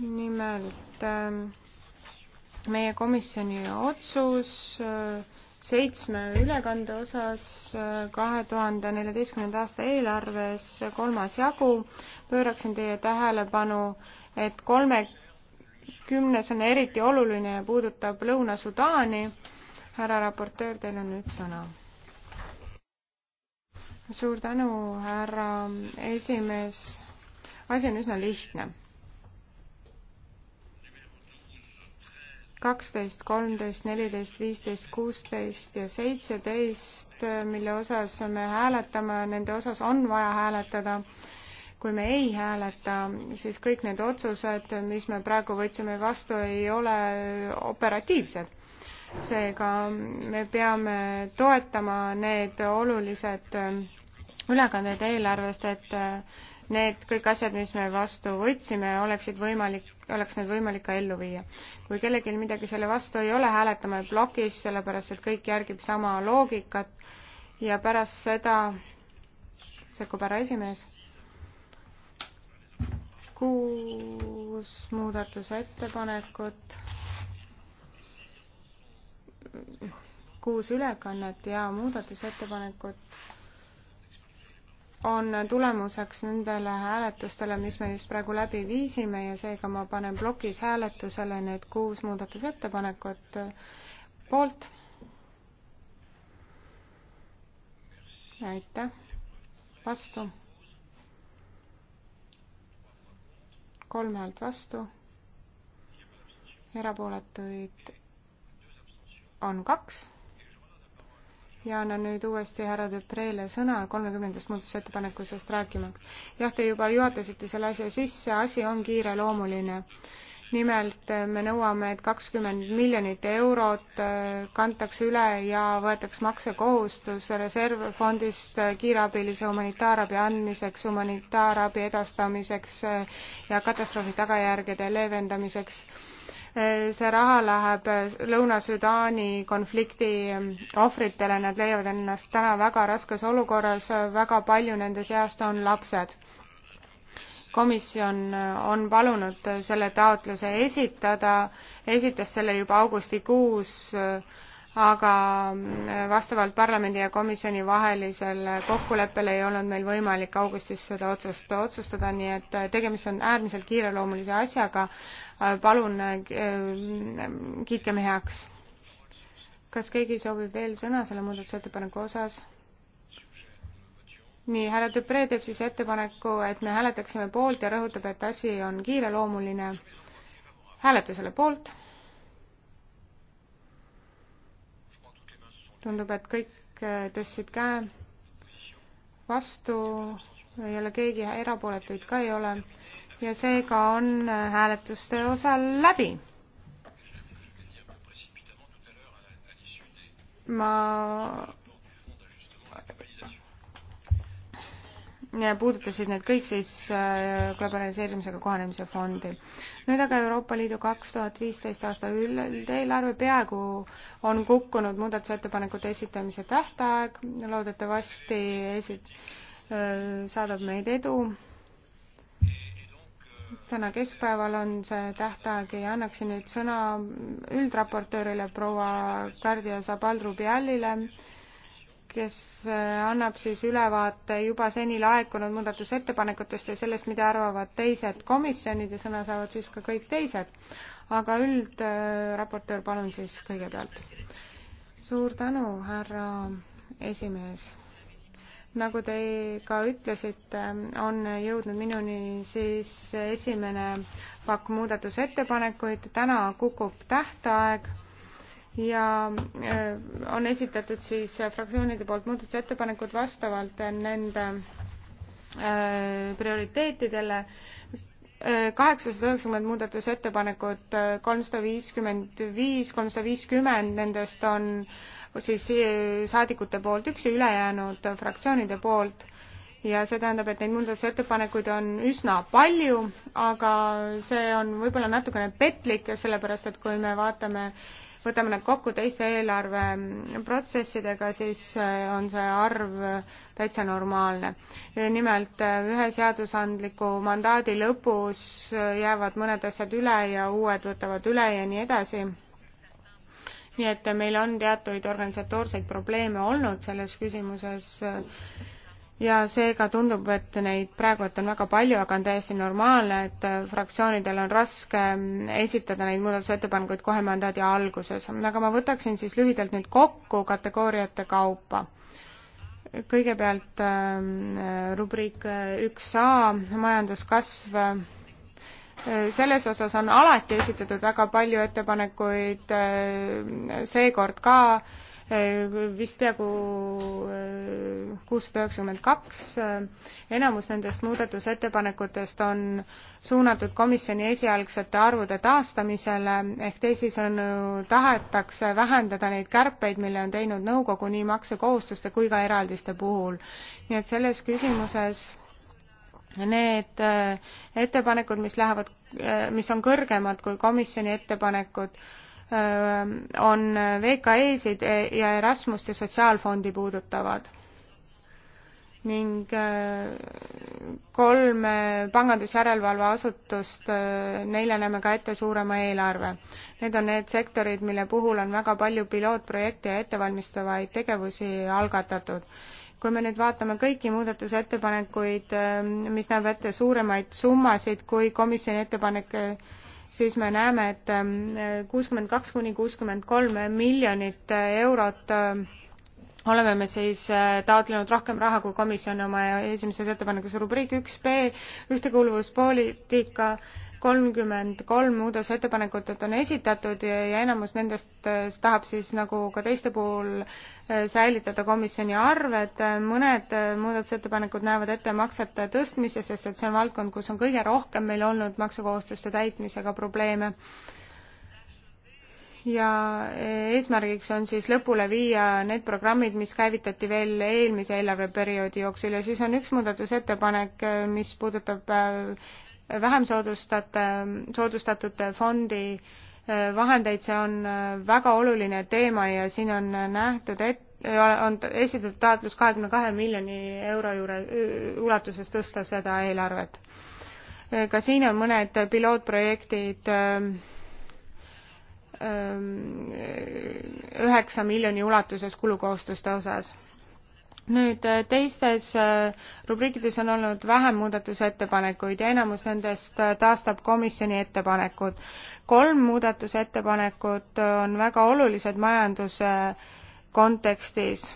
nimelt äh, meie komisjoni otsus äh, seitsme ülekande osas äh, kahe tuhande neljateistkümnenda aasta eelarves äh, kolmas jagu. pööraksin teie tähelepanu, et kolmekümnes on eriti oluline ja puudutab Lõuna-Sudaani. härra raportöör, teil on nüüd sõna. suur tänu, härra esimees. asi on üsna lihtne kaksteist, kolmteist, neliteist, viisteist, kuusteist ja seitseteist, mille osas me hääletame, nende osas on vaja hääletada. kui me ei hääleta, siis kõik need otsused, mis me praegu võtsime vastu, ei ole operatiivsed. seega me peame toetama need olulised ülekanded eelarvest, et need kõik asjad, mis me vastu võtsime, oleksid võimalik, oleks need võimalik ka ellu viia. kui kellelgi midagi selle vastu ei ole, hääletame plokis, sellepärast et kõik järgib sama loogikat ja pärast seda sekkub härra esimees. kuus muudatusettepanekut, kuus ülekannet ja muudatusettepanekut on tulemuseks nendele hääletustele, mis me just praegu läbi viisime ja seega ma panen plokis hääletusele need kuus muudatusettepanekut poolt. aitäh, vastu. kolm häält vastu. erapooletuid on kaks ja annan nüüd uuesti härra Depreele sõna kolmekümnendast muudatusettepanekusest rääkimaks. jah, te juba juhatasite selle asja sisse, asi on kiireloomuline. nimelt eh, me nõuame, et kakskümmend miljonit eurot eh, kantakse üle ja võetaks maksekohustus reservfondist eh, kiirabilise humanitaarabi andmiseks, humanitaarabi edastamiseks ja katastroofi tagajärgede leevendamiseks see raha läheb Lõuna-Sudaani konflikti ohvritele, nad leiavad ennast täna väga raskes olukorras, väga palju nende seast on lapsed. komisjon on palunud selle taotluse esitada, esitas selle juba augustikuus, aga vastavalt parlamendi ja komisjoni vahelisele kokkuleppele ei olnud meil võimalik augustis seda otsust otsustada, nii et tegemist on äärmiselt kiireloomulise asjaga, palun äh, kiitkem heaks. kas keegi soovib veel sõna selle muudatusettepaneku osas? nii, härra Tüpre teeb siis ettepaneku, et me hääletaksime poolt ja rõhutab, et asi on kiireloomuline. hääletusele poolt. tundub, et kõik äh, tõstsid käe. vastu ei ole keegi, erapooletuid ka ei ole ja seega on äh, hääletuste osa läbi. ma Ja puudutasid need kõik siis äh, globaliseerimisega kohanemise fondi. nüüd aga Euroopa Liidu kaks tuhat viisteist aasta üldeelarve peaaegu on kukkunud muudatusettepanekute esitamise tähtaeg, loodetavasti esi-, äh, saadab meid edu täna keskpäeval on see tähtaeg ja annaksin nüüd sõna üldraportöörile proua Kardia Zabal-Rubialile, kes äh, annab siis ülevaate juba seni laekunud muudatusettepanekutest ja sellest, mida arvavad teised komisjonid ja sõna saavad siis ka kõik teised. aga üldraportöör, äh, palun siis kõigepealt. suur tänu, härra esimees nagu te ka ütlesite, on jõudnud minuni siis esimene pakk muudatusettepanekuid, täna kukub tähtaeg ja äh, on esitatud siis fraktsioonide poolt muudatusettepanekud vastavalt nende äh, prioriteetidele, äh, kaheksasada üheksakümmend muudatusettepanekut, kolmsada viiskümmend viis, kolmsada viiskümmend nendest on siis eh, saadikute poolt üks ja ülejäänud fraktsioonide poolt ja see tähendab, et neid muudatusettepanekuid on üsna palju, aga see on võib-olla natukene petlik ja sellepärast, et kui me vaatame, võtame need kokku teiste eelarveprotsessidega, siis eh, on see arv täitsa normaalne. nimelt eh, ühe seadusandliku mandaadi lõpus jäävad mõned asjad üle ja uued võtavad üle ja nii edasi nii et meil on teatuid organisatoorseid probleeme olnud selles küsimuses ja seega tundub, et neid praegu, et on väga palju, aga on täiesti normaalne, et fraktsioonidel on raske esitada neid muudatusettepanekuid kohe mandaadi alguses. aga ma võtaksin siis lühidalt nüüd kokku kategooriate kaupa. kõigepealt ähm, rubriik üks A, majanduskasv Äh, selles osas on alati esitatud väga palju ettepanekuid, äh, seekord ka äh, vist peaaegu kuussada üheksakümmend kaks, enamus nendest muudatusettepanekutest on suunatud komisjoni esialgsete arvude taastamisele, ehk teisisõnu tahetakse vähendada neid kärpeid, mille on teinud nõukogu nii maksekohustuste kui ka eraldiste puhul. nii et selles küsimuses need äh, ettepanekud, mis lähevad, äh, mis on kõrgemad kui komisjoni ettepanekud, äh, on VKE-sid ja Erasmust ja Sotsiaalfondi puudutavad. ning kolm pangandusjärelevalveasutust, neile näeme ka ette suurema eelarve. Need on need sektorid, mille puhul on väga palju pilootprojekte ja ettevalmistavaid tegevusi algatatud kui me nüüd vaatame kõiki muudatusettepanekuid, ähm, mis näeb ette suuremaid summasid kui komisjoni ettepanek, äh, siis me näeme, et ähm, kuuskümmend kaks kuni kuuskümmend kolm miljonit äh, eurot ähm, oleme me siis äh, taotlenud rohkem raha kui komisjon oma esimeses ettepanekus rubriik üks B ühtekuuluvuspoliitika kolmkümmend kolm muudatusettepanekut on esitatud ja enamus nendest äh, tahab siis nagu ka teiste puhul äh, säilitada komisjoni arved. mõned muudatusettepanekud näevad ette maksete tõstmise, sest et see on valdkond, kus on kõige rohkem meil olnud maksukohustuste täitmisega probleeme ja eesmärgiks on siis lõpule viia need programmid, mis käivitati veel eelmise eelarveperioodi jooksul ja siis on üks muudatusettepanek, mis puudutab äh, vähem soodustat-, soodustatud fondi äh, vahendeid, see on äh, väga oluline teema ja siin on nähtud et-, on esitatud taotlus kahekümne kahe miljoni euro juure, ulatuses tõsta seda eelarvet. ka siin on mõned pilootprojektid äh, Ehm, üheksa miljoni ulatuses kulukohustuste osas. nüüd eh, teistes eh, rubriikides on olnud vähem muudatusettepanekuid ja enamus nendest eh, taastab komisjoni ettepanekud. kolm muudatusettepanekut on väga olulised majanduse kontekstis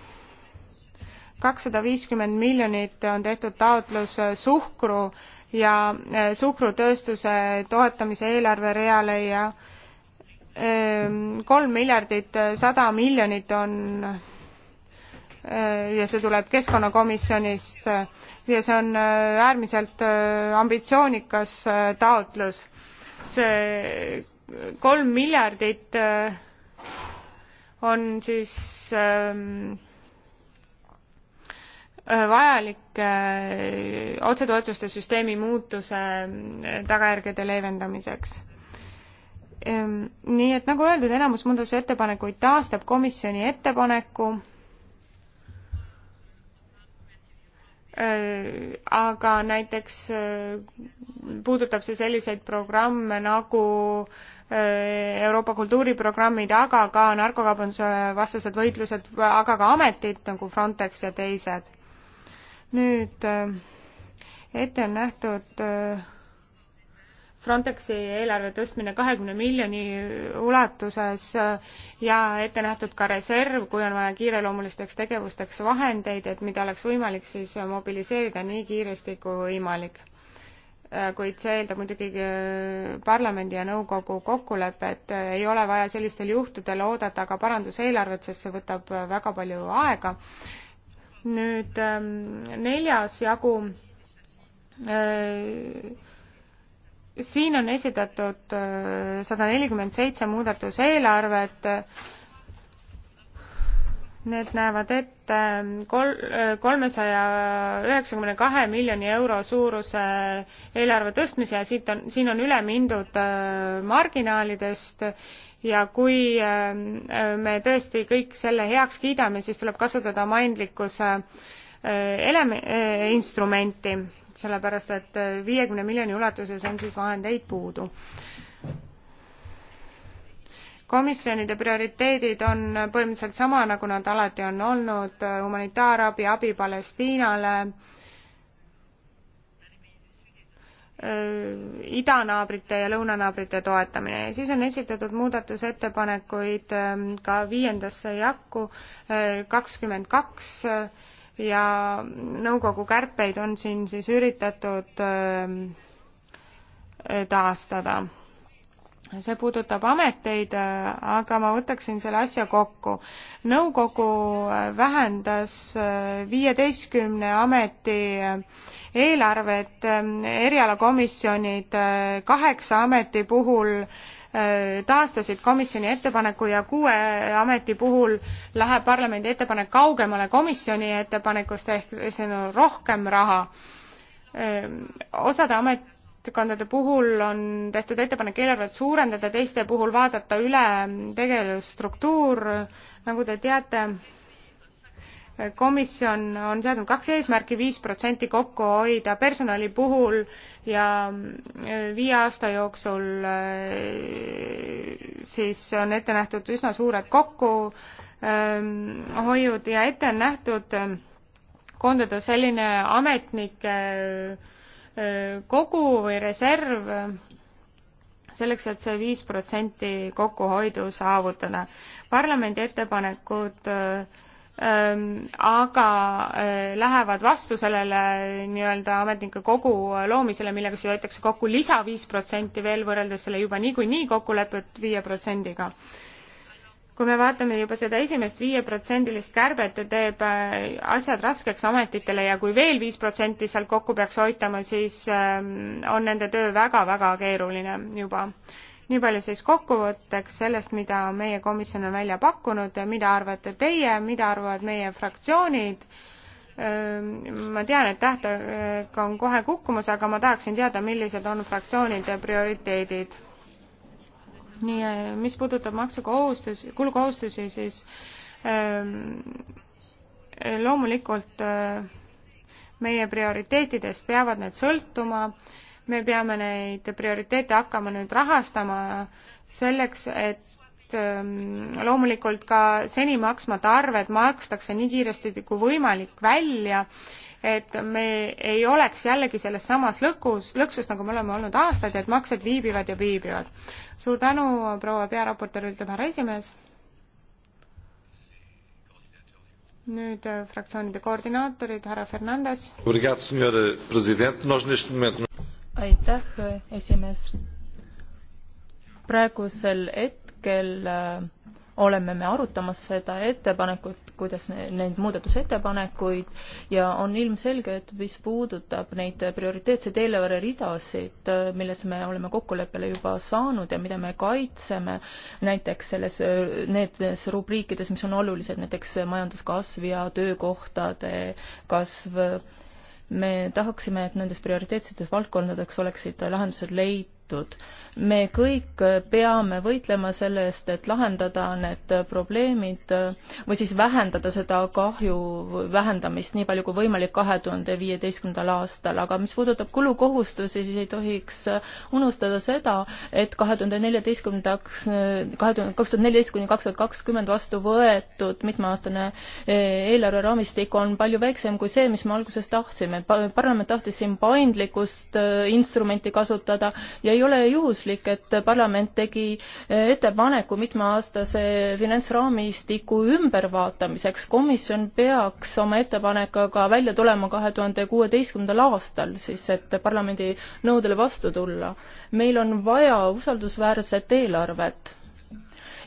kakssada viiskümmend miljonit on tehtud taotlus suhkru ja suhkrutööstuse toetamise eelarvereale ja Ehm, kolm miljardit eh, sada miljonit on eh, ja see tuleb keskkonnakomisjonist eh, ja see on äärmiselt ambitsioonikas taotlus. see kolm miljardit on siis ehm, vajalik otsetoetuste süsteemi muutuse tagajärgede leevendamiseks Ehm, nii et nagu öeldud, enamus muudatusettepanekuid taastab komisjoni ettepaneku. Äh, aga näiteks äh, puudutab see selliseid programme nagu äh, Euroopa kultuuriprogrammid, aga ka narkokaubanduse vastased võitlused, aga ka ametid nagu Frontex ja teised. nüüd ette on nähtud äh, Frontexi eelarve tõstmine kahekümne miljoni ulatuses äh, ja ette nähtud ka reserv, kui on vaja kiireloomulisteks tegevusteks vahendeid, et mida oleks võimalik siis mobiliseerida nii kiiresti kui võimalik. Äh, kuid see eeldab muidugi äh, parlamendi ja nõukogu kokkulepet, ei ole vaja sellistel juhtudel oodata ka paranduseelarvet, sest see võtab väga palju aega. nüüd ähm, neljas jagu öö, siin on esitatud äh, sada nelikümmend seitse muudatuseelarvet. Need näevad ette äh, kol-, äh, kolmesaja üheksakümne kahe miljoni euro suuruse eelarve tõstmise ja siit on, siin on üle mindud marginaalidest ja kui me tõesti kõik selle heaks kiidame, siis tuleb kasutada paindlikkuse eleme-, instrumenti sellepärast et viiekümne miljoni ulatuses on siis vahendeid puudu. komisjonide prioriteedid on põhimõtteliselt sama, nagu nad alati on olnud, humanitaarabi, abi Palestiinale, idanaabrite ja lõunanaabrite toetamine ja siis on esitatud muudatusettepanekuid ähm, ka viiendasse jakku äh, kakskümmend kaks ja nõukogu kärpeid on siin siis üritatud ähm, taastada. see puudutab ameteid, äh, aga ma võtaksin selle asja kokku. nõukogu äh, vähendas äh, viieteistkümne ameti eelarvet, erialakomisjonid kaheksa ameti puhul Äh, taastasid komisjoni ettepaneku ja kuue ameti puhul läheb parlamendi ettepanek kaugemale komisjoni ettepanekust ehk see on rohkem raha. Äh, osade ametkondade puhul on tehtud ettepanek eelarvet suurendada, teiste puhul vaadata üle tegevusstruktuur, nagu te teate komisjon on seadnud kaks eesmärki, viis protsenti kokku hoida personali puhul ja mm, viie aasta jooksul äh, siis on ette nähtud üsna suured kokkuhoiud ja ette on nähtud äh, koondada selline ametnike äh, kogu või reserv selleks, et see viis protsenti kokkuhoidu saavutada. parlamendi ettepanekud äh, Ehm, aga eh, lähevad vastu sellele nii-öelda ametnike kogu loomisele, millega siis hoitakse kokku lisa viis protsenti veel võrreldes selle juba niikuinii kokkulepet viie protsendiga. kui me vaatame juba seda esimest viieprotsendilist kärbet ja teeb eh, asjad raskeks ametitele ja kui veel viis protsenti sealt kokku peaks hoitama, siis ehm, on nende töö väga-väga keeruline juba nii palju siis kokkuvõtteks sellest, mida meie komisjon on välja pakkunud, mida arvate teie, mida arvavad meie fraktsioonid. ma tean, et tähtaeg on kohe kukkumas, aga ma tahaksin teada, millised on fraktsioonide prioriteedid. nii, mis puudutab maksukohustus, kulukohustusi, siis loomulikult meie prioriteetidest peavad need sõltuma me peame neid prioriteete hakkama nüüd rahastama selleks, et ähm, loomulikult ka seni maksmata arved makstakse nii kiiresti kui võimalik välja, et me ei oleks jällegi selles samas lõkus, lõksus, nagu me oleme olnud aastaid, et maksed viibivad ja viibivad. suur tänu, proua pearaportöör, ütleb härra esimees. nüüd äh, fraktsioonide koordinaatorid, härra Fernandes aitäh, esimees. praegusel hetkel äh, oleme me arutamas seda ettepanekut, kuidas neid muudatusettepanekuid ja on ilmselge, et mis puudutab neid prioriteetseid eelarveridasid, äh, milles me oleme kokkuleppele juba saanud ja mida me kaitseme, näiteks selles, äh, nendes rubriikides, mis on olulised, näiteks majanduskasv ja töökohtade kasv me tahaksime, et nendes prioriteetsetes valdkondades oleksid lahendused leid-, seotud. me kõik peame võitlema selle eest, et lahendada need probleemid või siis vähendada seda kahju vähendamist nii palju kui võimalik kahe tuhande viieteistkümnendal aastal, aga mis puudutab kulukohustusi, siis ei tohiks unustada seda, et kahe tuhande neljateistkümnendaks, kahe tuhande, kaks tuhat neliteist kuni kaks tuhat kakskümmend vastu võetud mitmeaastane e, eelarveraamistik on palju väiksem kui see, mis me alguses tahtsime. parlament tahtis siin paindlikkust e, instrumenti kasutada ja ei ole juhuslik, et parlament tegi eh, ettepaneku mitmeaastase finantsraamistiku ümbervaatamiseks. komisjon peaks oma ettepanekuga välja tulema kahe tuhande kuueteistkümnendal aastal siis, et parlamendi nõudele vastu tulla. meil on vaja usaldusväärset eelarvet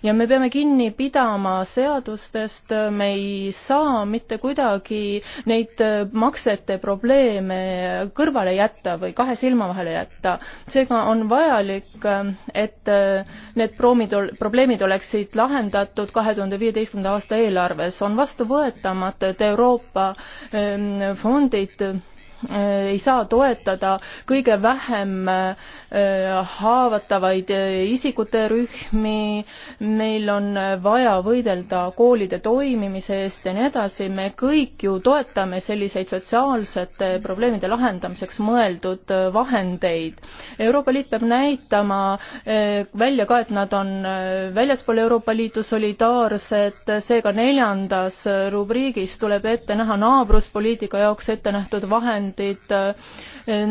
ja me peame kinni pidama seadustest, me ei saa mitte kuidagi neid äh, maksete probleeme kõrvale jätta või kahe silma vahele jätta. seega on vajalik, äh, et äh, need proomid, probleemid oleksid lahendatud kahe tuhande viieteistkümnenda aasta eelarves. on vastuvõetamatu, et Euroopa ähm, fondid Äh, ei saa toetada kõige vähem äh, haavatavaid äh, isikute rühmi, meil on vaja võidelda koolide toimimise eest ja nii edasi, me kõik ju toetame selliseid sotsiaalsete probleemide lahendamiseks mõeldud vahendeid. Euroopa Liit peab näitama välja ka, et nad on väljaspool Euroopa Liitu solidaarsed, seega neljandas rubriigis tuleb ette näha naabruspoliitika jaoks ette nähtud vahendid, vahendid,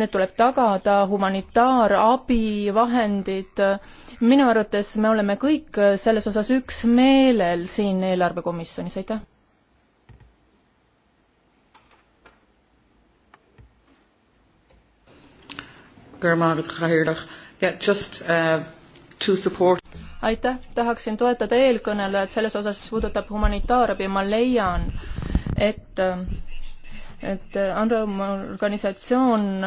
need tuleb tagada, humanitaarabi, vahendid, minu arvates me oleme kõik selles osas üksmeelel siin eelarvekomisjonis, aitäh! Uh, aitäh, tahaksin toetada eelkõnelejat selles osas, mis puudutab humanitaarabi, ma leian, et et äh, Androm um, organisatsioon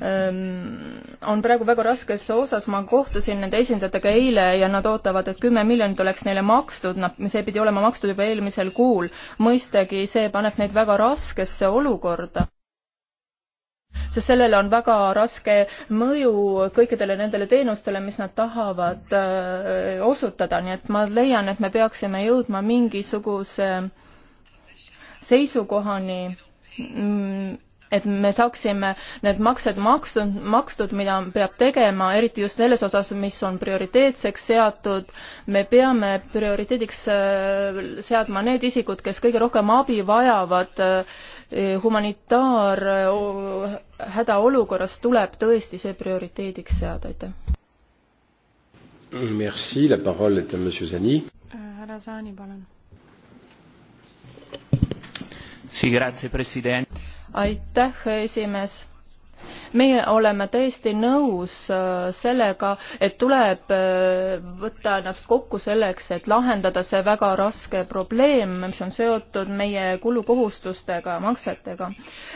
ähm, on praegu väga raskes osas, ma kohtusin nende esindajatega eile ja nad ootavad, et kümme miljonit oleks neile makstud, nad, see pidi olema makstud juba eelmisel kuul. mõistagi see paneb neid väga raskesse olukorda sest sellel on väga raske mõju kõikidele nendele teenustele, mis nad tahavad öö, äh, osutada, nii et ma leian, et me peaksime jõudma mingisuguse seisukohani et me saaksime need maksed makstud, makstud, mida peab tegema, eriti just selles osas, mis on prioriteetseks seatud. me peame prioriteediks äh, seadma need isikud, kes kõige rohkem abi vajavad. Äh, humanitaarhädaolukorras äh, tuleb tõesti see prioriteediks seada, aitäh. Merci, la parole est à monsieur Zani. härra Zani, palun aitäh, esimees meie oleme tõesti nõus äh, sellega, et tuleb äh, võtta ennast kokku selleks, et lahendada see väga raske probleem, mis on seotud meie kulukohustustega, maksetega.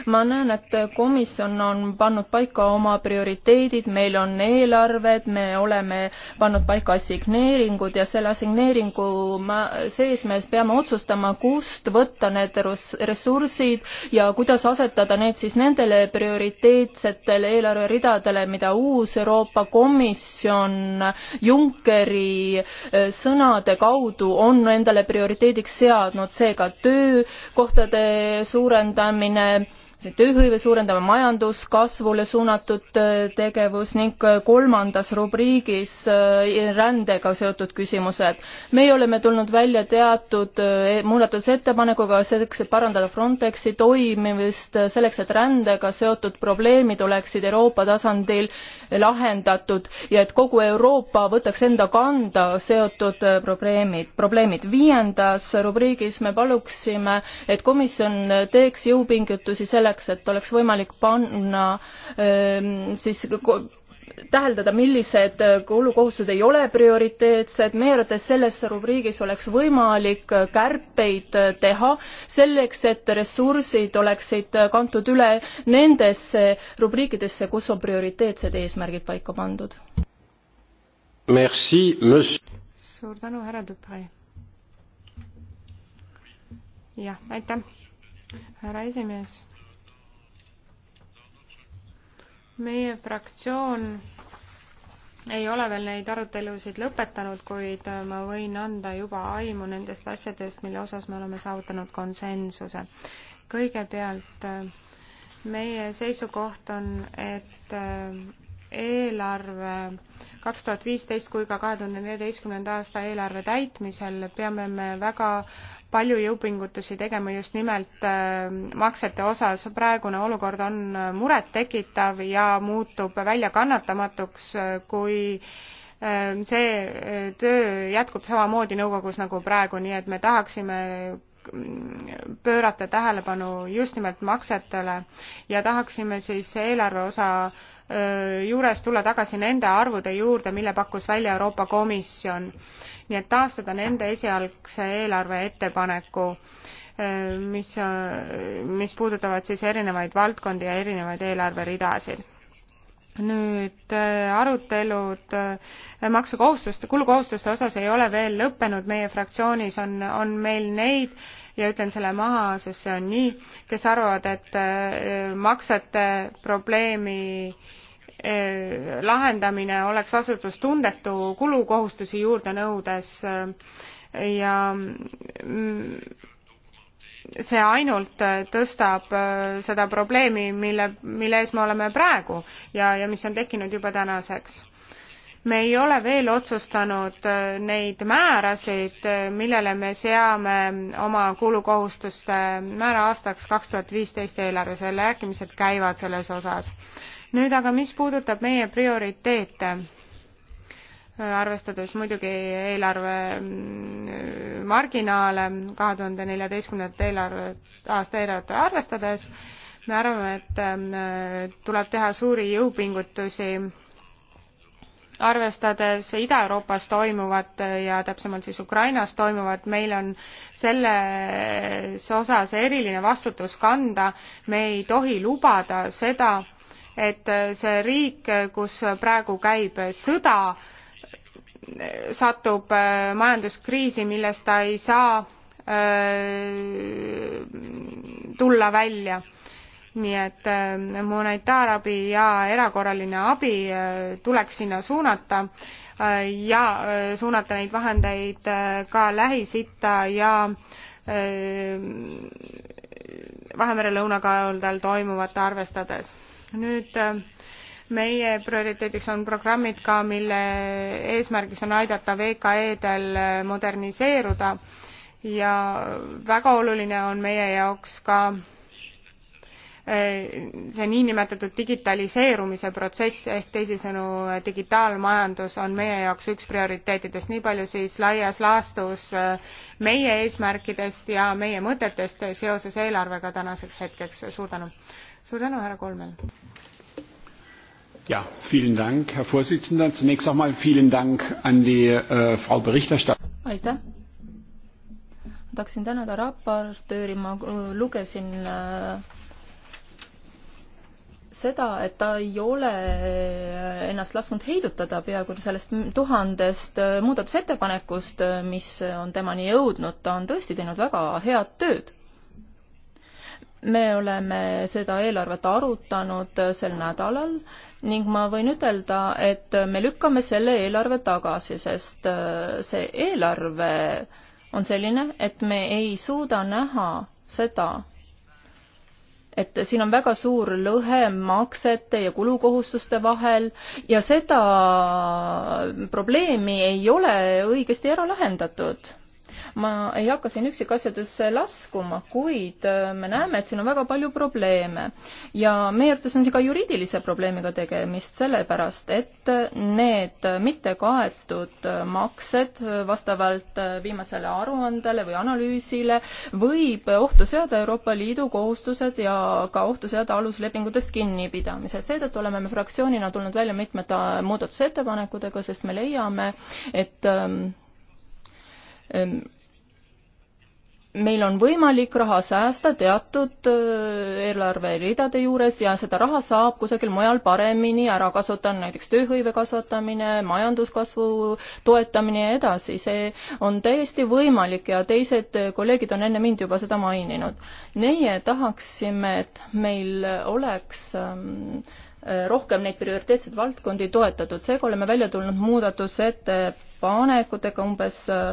ma näen, et komisjon on pannud paika oma prioriteedid, meil on eelarved, me oleme pannud paika assigneeringud ja selle assigneeringu sees me peame otsustama, kust võtta need ressursid ja kuidas asetada need siis nendele prioriteetidele, konkreetsetele eelarveridadele, mida uus Euroopa Komisjon Junckeri äh, sõnade kaudu on endale prioriteediks seadnud, seega töökohtade suurendamine, tööhõive suurendame, majanduskasvule suunatud äh, tegevus ning äh, kolmandas rubriigis äh, rändega seotud küsimused. meie oleme tulnud välja teatud e, muudatusettepanekuga selleks, et parandada Frontexi toimimist, selleks, et rändega seotud probleemid oleksid Euroopa tasandil lahendatud ja et kogu Euroopa võtaks enda kanda seotud probleemid, probleemid. viiendas rubriigis me paluksime, et komisjon teeks jõupingutusi selleks, selleks, et oleks võimalik panna ähm, siis täheldada, millised äh, kulukohustused ei ole prioriteetsed, meie arvates selles rubriigis oleks võimalik äh, kärpeid äh, teha selleks, et ressursid oleksid kantud üle nendesse rubriikidesse, kus on prioriteetsed eesmärgid paika pandud. suur tänu, härra Dupree. jah, aitäh, härra esimees meie fraktsioon ei ole veel neid arutelusid lõpetanud, kuid ma võin anda juba aimu nendest asjadest, mille osas me oleme saavutanud konsensuse. kõigepealt meie seisukoht on, et äh, eelarve kaks tuhat viisteist kui ka kahe tuhande neljateistkümnenda aasta eelarve täitmisel peame me väga äh, palju jõupingutusi tegema just nimelt äh, maksete osas. praegune olukord on äh, murettekitav ja muutub väljakannatamatuks, äh, kui see töö jätkub samamoodi nõukogus nagu praegu, nii et me tahaksime pöörata tähelepanu just nimelt maksetele ja tahaksime siis eelarve osa juures tulla tagasi nende arvude juurde, mille pakkus välja Euroopa Komisjon. nii et taastada nende esialgse eelarve ettepaneku, mis, mis puudutavad siis erinevaid valdkondi ja erinevaid eelarveridasid nüüd äh, arutelud äh, maksukohustuste, kulukohustuste osas ei ole veel lõppenud, meie fraktsioonis on, on meil neid ja ütlen selle maha, sest see on nii, kes arvavad, et äh, maksete probleemi lahendamine oleks vastutustundetu kulukohustusi juurde nõudes ja mm, see ainult äh, tõstab äh, seda probleemi, mille, mille ees me oleme praegu ja, ja mis on tekkinud juba tänaseks. me ei ole veel otsustanud äh, neid määrasid, millele me seame oma kulukohustuste määra aastaks kaks tuhat viisteist eelarves, rääkimised käivad selles osas. nüüd aga, mis puudutab meie prioriteete arvestades muidugi eelarve mm, marginaale kahe tuhande neljateistkümnendat eelarvet, aasta eelarvet arvestades, me arvame, et mm, tuleb teha suuri jõupingutusi, arvestades Ida-Euroopas toimuvat ja täpsemalt siis Ukrainas toimuvat, meil on selles osas eriline vastutus kanda, me ei tohi lubada seda, et see riik, kus praegu käib sõda, satub äh, majanduskriisi, millest ta ei saa äh, tulla välja. nii et äh, humanitaarabi ja erakorraline abi tuleks sinna suunata ja suunata neid vahendeid ka Lähis-Itta ja Vahemere lõunakaldal toimuvat arvestades. nüüd meie prioriteediks on programmid ka, mille eesmärgiks on aidata VKE-del moderniseeruda ja väga oluline on meie jaoks ka eh, see niinimetatud digitaliseerumise protsess ehk teisisõnu eh, digitaalmajandus on meie jaoks üks prioriteetidest, nii palju siis laias laastus eh, meie eesmärkidest ja meie mõtetest seoses eelarvega tänaseks hetkeks, suur tänu. suur tänu, härra Kolmel. Ja, vielen Dank, Herr Vorsitzender. Zunächst einmal vielen Dank an die äh, Frau Berichterstatterin. Aitäh. Ma tahaksin tänada raportööri, ma äh, lugesin äh, seda, et ta ei ole äh, ennast lasknud heidutada peaaegu sellest tuhandest äh, muudatusettepanekust, mis on temani jõudnud, ta on tõesti teinud väga head tööd me oleme seda eelarvet arutanud sel nädalal ning ma võin ütelda, et me lükkame selle eelarve tagasi, sest äh, see eelarve on selline, et me ei suuda näha seda, et siin on väga suur lõhe maksete ja kulukohustuste vahel ja seda probleemi ei ole õigesti ära lahendatud ma ei hakka siin üksikasjadesse laskuma, kuid äh, me näeme, et siin on väga palju probleeme. ja meie arvates on siin ka juriidilise probleemiga tegemist, sellepärast et äh, need mittekaetud äh, maksed vastavalt viimasele aruandele või analüüsile võib ohtu seada Euroopa Liidu kohustused ja ka ohtu seada aluslepingutest kinnipidamise. seetõttu oleme me fraktsioonina tulnud välja mitmete muudatusettepanekutega, sest me leiame, et ähm, ähm meil on võimalik raha säästa teatud äh, eelarveridade juures ja seda raha saab kusagil mujal paremini ära kasutada, näiteks tööhõive kasvatamine, majanduskasvu toetamine ja edasi, see on täiesti võimalik ja teised kolleegid on enne mind juba seda maininud. meie tahaksime, et meil oleks ähm, äh, rohkem neid prioriteetseid valdkondi toetatud, seega oleme välja tulnud muudatusettepanekutega umbes äh,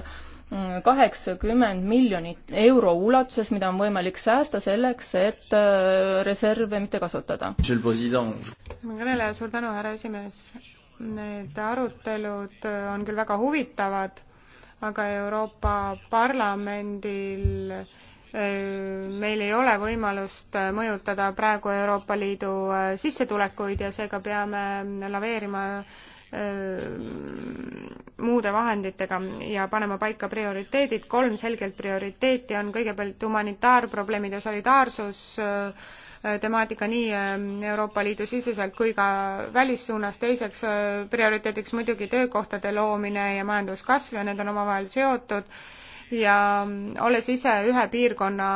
kaheksakümmend miljonit euro ulatuses, mida on võimalik säästa selleks, et äh, reserve mitte kasutada. kõneleja, suur tänu, härra esimees. Need arutelud äh, on küll väga huvitavad, aga Euroopa Parlamendil äh, meil ei ole võimalust mõjutada praegu Euroopa Liidu sissetulekuid ja seega peame laveerima muude vahenditega ja panema paika prioriteedid. kolm selgelt prioriteeti on kõigepealt humanitaarprobleemid ja solidaarsus, temaatika nii Euroopa Liidu siseselt kui ka välissuunas, teiseks prioriteediks muidugi töökohtade loomine ja majanduskasv ja need on omavahel seotud ja olles ise ühe piirkonna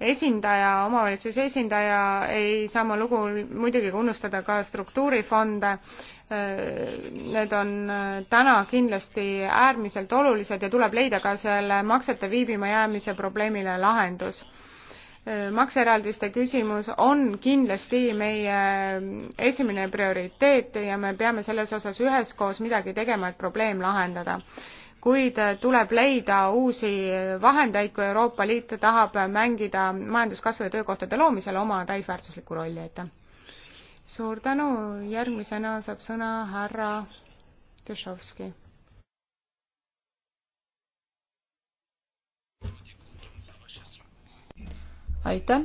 esindaja, omavalitsuse esindaja, ei saa ma lugu muidugi unustada ka struktuurifonde Äh, need on äh, täna kindlasti äärmiselt olulised ja tuleb leida ka selle maksete viibima jäämise probleemile lahendus. Äh, makseeraldiste küsimus on kindlasti meie esimene prioriteet ja me peame selles osas üheskoos midagi tegema, et probleem lahendada kuid tuleb leida uusi vahendeid, kui Euroopa Liit tahab mängida majanduskasvu ja töökohtade loomisel oma täisväärtuslikku rolli, aitäh! suur tänu, järgmisena saab sõna härra Tšešovski. aitäh.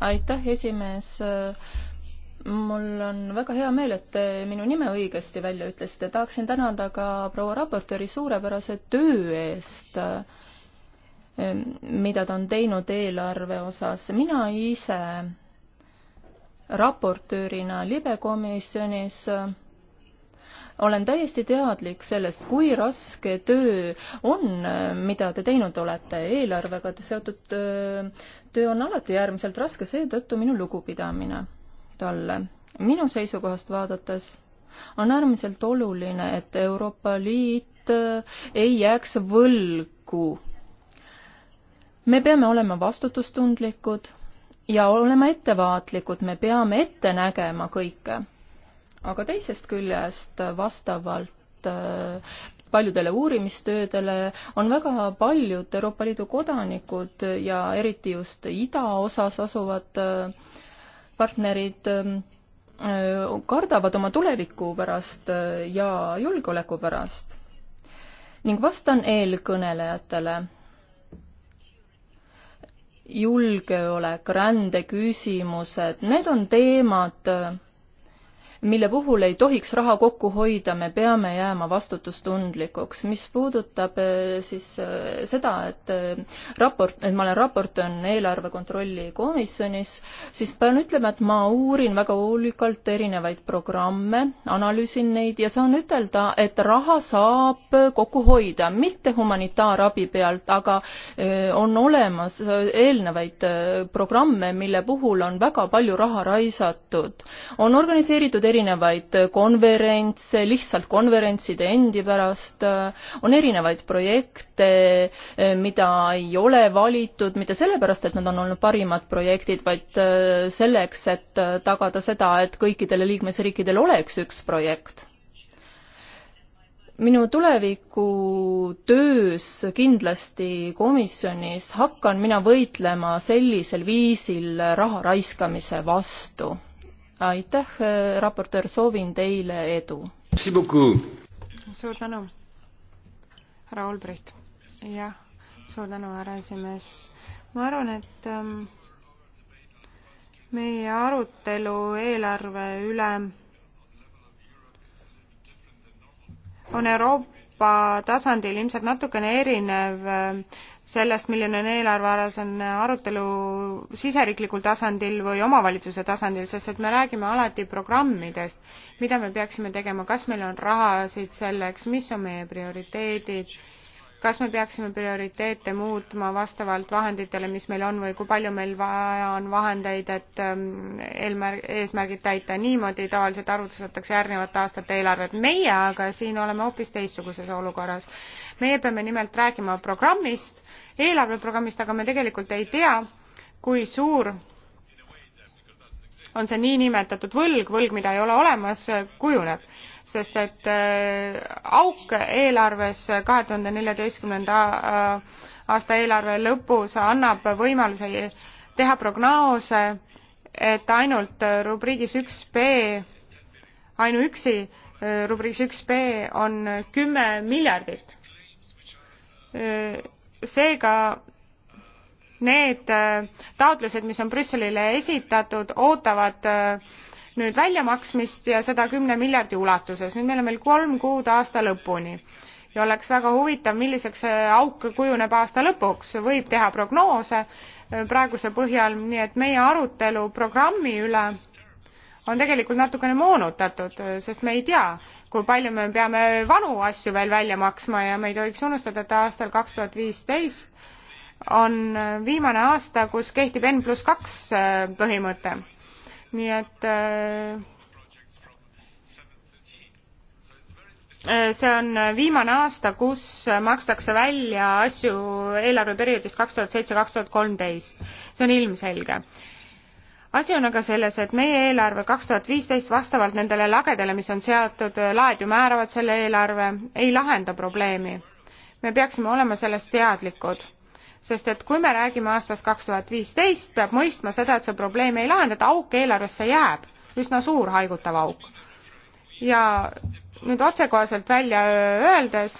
aitäh, esimees. mul on väga hea meel, et te minu nime õigesti välja ütlesite. tahaksin tänada ka proua raportööri suurepärase töö eest äh, Ehm, mida ta on teinud eelarve osas. mina ise raportöörina libekomisjonis ehm, olen täiesti teadlik sellest, kui raske töö on, ehm, mida te teinud olete. eelarvega seotud töö on alati äärmiselt raske, seetõttu minu lugupidamine talle. minu seisukohast vaadates on äärmiselt oluline, et Euroopa Liit ei jääks võlgu me peame olema vastutustundlikud ja olema ettevaatlikud, me peame ette nägema kõike. aga teisest küljest vastavalt äh, paljudele uurimistöödele on väga paljud Euroopa Liidu kodanikud ja eriti just idaosas asuvad äh, partnerid äh, kardavad oma tuleviku pärast ja julgeoleku pärast. ning vastan eelkõnelejatele julgeolek, rändeküsimused, need on teemad, mille puhul ei tohiks raha kokku hoida, me peame jääma vastutustundlikuks. mis puudutab eh, siis eh, seda, et eh, raport, et ma olen raportöör eelarve kontrolli komisjonis, siis pean ütlema, et ma uurin väga hoolikalt erinevaid programme, analüüsin neid ja saan ütelda, et raha saab kokku hoida, mitte humanitaarabi pealt, aga on olemas eelnevaid programme, mille puhul on väga palju raha raisatud. on organiseeritud erinevaid erinevaid konverentse lihtsalt konverentside endi pärast, on erinevaid projekte, eh, mida ei ole valitud mitte sellepärast, et nad on olnud parimad projektid, vaid eh, selleks, et eh, tagada seda, et kõikidele liikmesriikidel oleks üks projekt minu tuleviku töös kindlasti komisjonis hakkan mina võitlema sellisel viisil raha raiskamise vastu aitäh, äh, raportöör, soovin teile edu. suur tänu, härra Olbrit. jah, suur tänu, härra esimees. ma arvan, et ähm, meie arutelu eelarve üle on Euroopa tasandil ilmselt natukene erinev äh, sellest, milline on eelarvealasene arutelu siseriiklikul tasandil või omavalitsuse tasandil, sest et me räägime alati programmidest, mida me peaksime tegema, kas meil on rahasid selleks, mis on meie prioriteedid, kas me peaksime prioriteete muutma vastavalt vahenditele, mis meil on või kui palju meil vaja on vahendeid, et ähm, eelmärg, eesmärgid täita, niimoodi tavaliselt arvutatakse järgnevate aastate eelarvet. meie aga siin oleme hoopis teistsuguses olukorras meie peame nimelt rääkima programmist, eelarveprogrammist, aga me tegelikult ei tea, kui suur on see niinimetatud võlg, võlg, mida ei ole olemas, kujuneb. sest et äh, auk eelarves kahe tuhande neljateistkümnenda äh, aasta eelarve lõpus annab võimaluse teha prognoose, et ainult äh, rubriigis üks B, ainuüksi äh, rubriigis üks B on kümme miljardit seega need äh, taotlused, mis on Brüsselile esitatud, ootavad äh, nüüd väljamaksmist ja seda kümne miljardi ulatuses. nüüd meil on veel kolm kuud aasta lõpuni ja oleks väga huvitav, milliseks see auk kujuneb aasta lõpuks, võib teha prognoose äh, praeguse põhjal, nii et meie arutelu programmi üle on tegelikult natukene moonutatud, sest me ei tea, kui palju me peame vanu asju veel välja maksma ja me ei tohiks unustada, et aastal kaks tuhat viisteist on viimane aasta, kus kehtib N pluss kaks äh, põhimõte. nii et äh, äh, see on viimane aasta, kus makstakse välja asju eelarveperioodist kaks tuhat seitse, kaks tuhat kolmteist. see on ilmselge asi on aga selles, et meie eelarve kaks tuhat viisteist vastavalt nendele lagedele, mis on seatud, eh, laed ju määravad selle eelarve, ei lahenda probleemi. me peaksime olema sellest teadlikud, sest et kui me räägime aastast kaks tuhat viisteist, peab mõistma seda, et see probleem ei lahenda, et auk eelarvesse jääb, üsna suur haigutav auk. ja nüüd otsekoheselt välja eh, öeldes,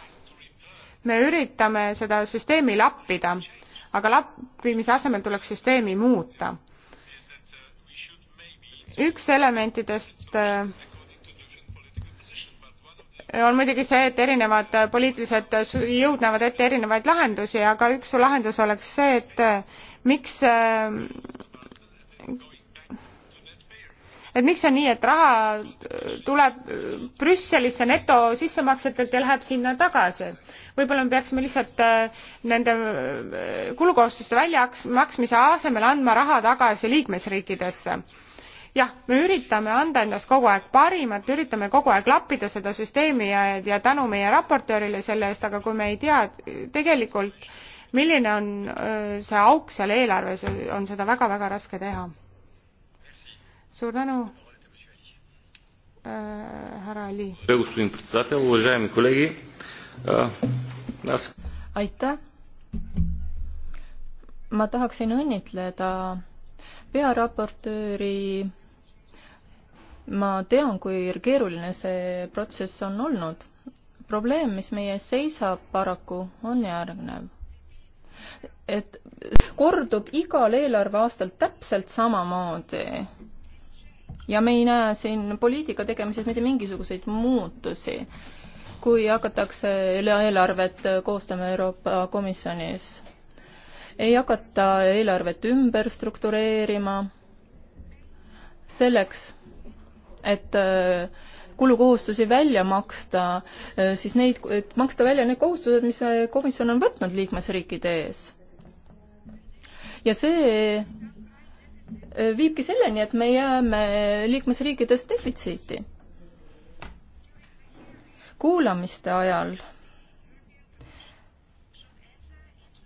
me üritame seda süsteemi lappida, aga lappimise asemel tuleks süsteemi muuta üks elementidest äh, on muidugi see, et erinevad äh, poliitilised jõud näevad ette erinevaid lahendusi, aga üks lahendus oleks see, et äh, miks et miks on nii, et raha tuleb Brüsselisse netosissemaksjatelt ja läheb sinna tagasi. võib-olla me peaksime lihtsalt nende kulukohustuste väljamaksmise asemel andma raha tagasi liikmesriikidesse jah, me üritame anda endast kogu aeg parimat, üritame kogu aeg lappida seda süsteemi ja, ja tänu meie raportöörile selle eest, aga kui me ei tea tegelikult, milline on see auk seal eelarves, on seda väga-väga raske teha. suur tänu äh,, härra Ali. aitäh. ma tahaksin õnnitleda pearaportööri ma tean, kui keeruline see protsess on olnud. probleem, mis meie ees seisab paraku, on järgnev. et kordub igal eelarveaastal täpselt samamoodi. ja me ei näe siin poliitika tegemises mitte mingisuguseid muutusi. kui hakatakse eelarvet koostama Euroopa Komisjonis, ei hakata eelarvet ümber struktureerima, selleks et äh, kulukohustusi välja maksta, äh, siis neid, et maksta välja need kohustused, mis äh, komisjon on võtnud liikmesriikide ees. ja see viibki selleni, et me jääme liikmesriikides defitsiiti. kuulamiste ajal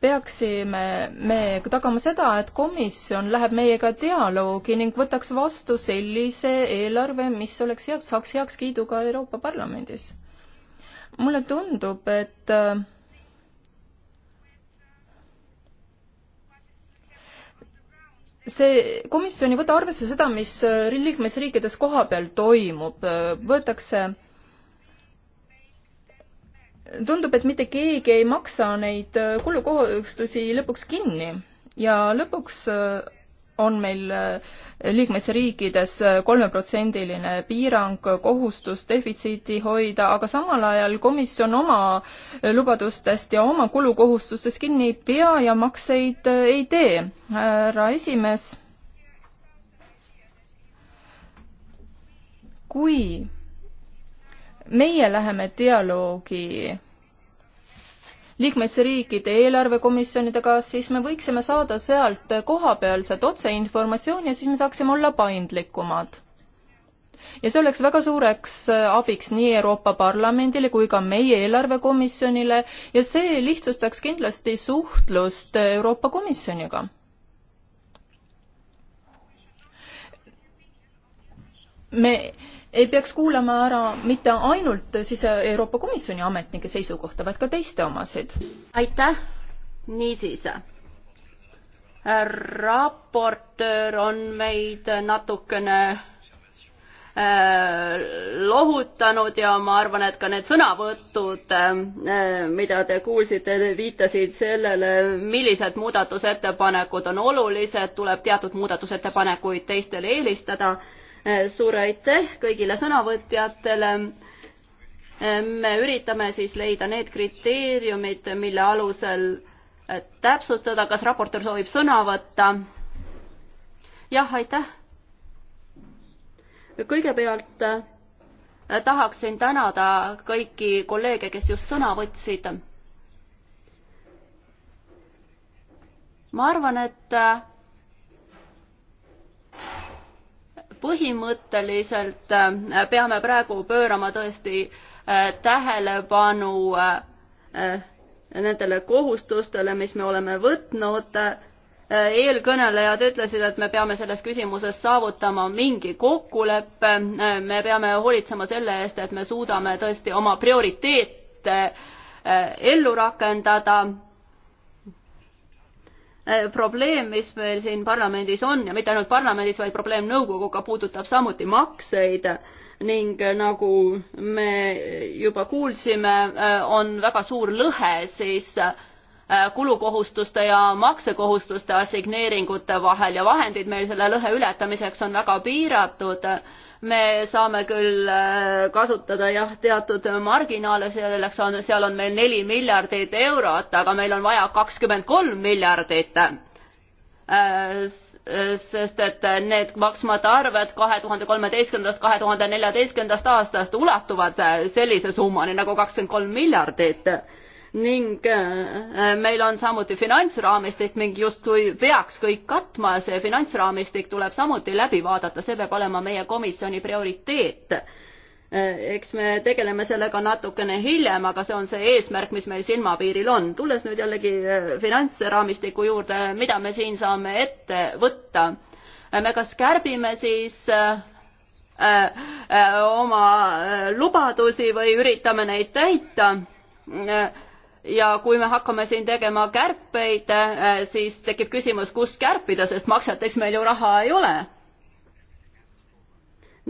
peaksime me tagama seda, et komisjon läheb meiega dialoogi ning võtaks vastu sellise eelarve, mis oleks heaks, saaks heakskiidu ka Euroopa Parlamendis. mulle tundub, et see komisjon ei võta arvesse seda, mis liikmesriikides kohapeal toimub, võetakse tundub, et mitte keegi ei maksa neid äh, kulukohustusi lõpuks kinni ja lõpuks äh, on meil äh, liikmesriikides kolmeprotsendiline piirang, kohustus defitsiiti hoida, aga samal ajal komisjon oma lubadustest ja oma kulukohustustest kinni ei pea ja makseid ei tee. härra esimees, kui meie läheme dialoogi liikmesriikide eelarvekomisjonidega, siis me võiksime saada sealt kohapealset otseinformatsiooni ja siis me saaksime olla paindlikumad. ja see oleks väga suureks abiks nii Euroopa Parlamendile kui ka meie eelarvekomisjonile ja see lihtsustaks kindlasti suhtlust Euroopa Komisjoniga me ei peaks kuulama ära mitte ainult siis Euroopa Komisjoni ametnike seisukohta, vaid ka teiste omasid. aitäh, niisiis. raportöör on meid natukene äh, lohutanud ja ma arvan, et ka need sõnavõtud, äh, mida te kuulsite, viitasid sellele, millised muudatusettepanekud on olulised, tuleb teatud muudatusettepanekuid teistele eelistada Eh, suur aitäh kõigile sõnavõtjatele. Eh, me üritame siis leida need kriteeriumid, mille alusel eh, täpsustada, kas raportöör soovib sõna võtta. jah, aitäh. kõigepealt tahaksin tänada kõiki kolleege, kes just sõna võtsid. ma arvan, et põhimõtteliselt äh, peame praegu pöörama tõesti äh, tähelepanu äh, nendele kohustustele, mis me oleme võtnud. eelkõnelejad ütlesid, et me peame selles küsimuses saavutama mingi kokkuleppe, me peame hoolitsema selle eest, et me suudame tõesti oma prioriteete ellu rakendada Äh, probleem, mis meil siin parlamendis on ja mitte ainult parlamendis, vaid probleem nõukoguga puudutab samuti makseid ning äh, nagu me juba kuulsime, äh, on väga suur lõhe siis kulukohustuste ja maksekohustuste assigneeringute vahel ja vahendid meil selle lõhe ületamiseks on väga piiratud me saame küll äh, kasutada jah, teatud marginaale, selleks on, seal on meil neli miljardit eurot, aga meil on vaja kakskümmend kolm miljardit. Äh, sest et need maksmata arved kahe tuhande kolmeteistkümnendast, kahe tuhande neljateistkümnendast aastast ulatuvad äh, sellise summani nagu kakskümmend kolm miljardit ning äh, meil on samuti finantsraamistik ning justkui peaks kõik katma, see finantsraamistik tuleb samuti läbi vaadata, see peab olema meie komisjoni prioriteet. Äh, eks me tegeleme sellega natukene hiljem, aga see on see eesmärk, mis meil silmapiiril on. tulles nüüd jällegi äh, finantsraamistiku juurde, mida me siin saame ette võtta? me kas kärbime siis oma lubadusi või üritame neid täita ja kui me hakkame siin tegema kärpeid, eh, siis tekib küsimus, kust kärpida, sest maksjateks meil ju raha ei ole.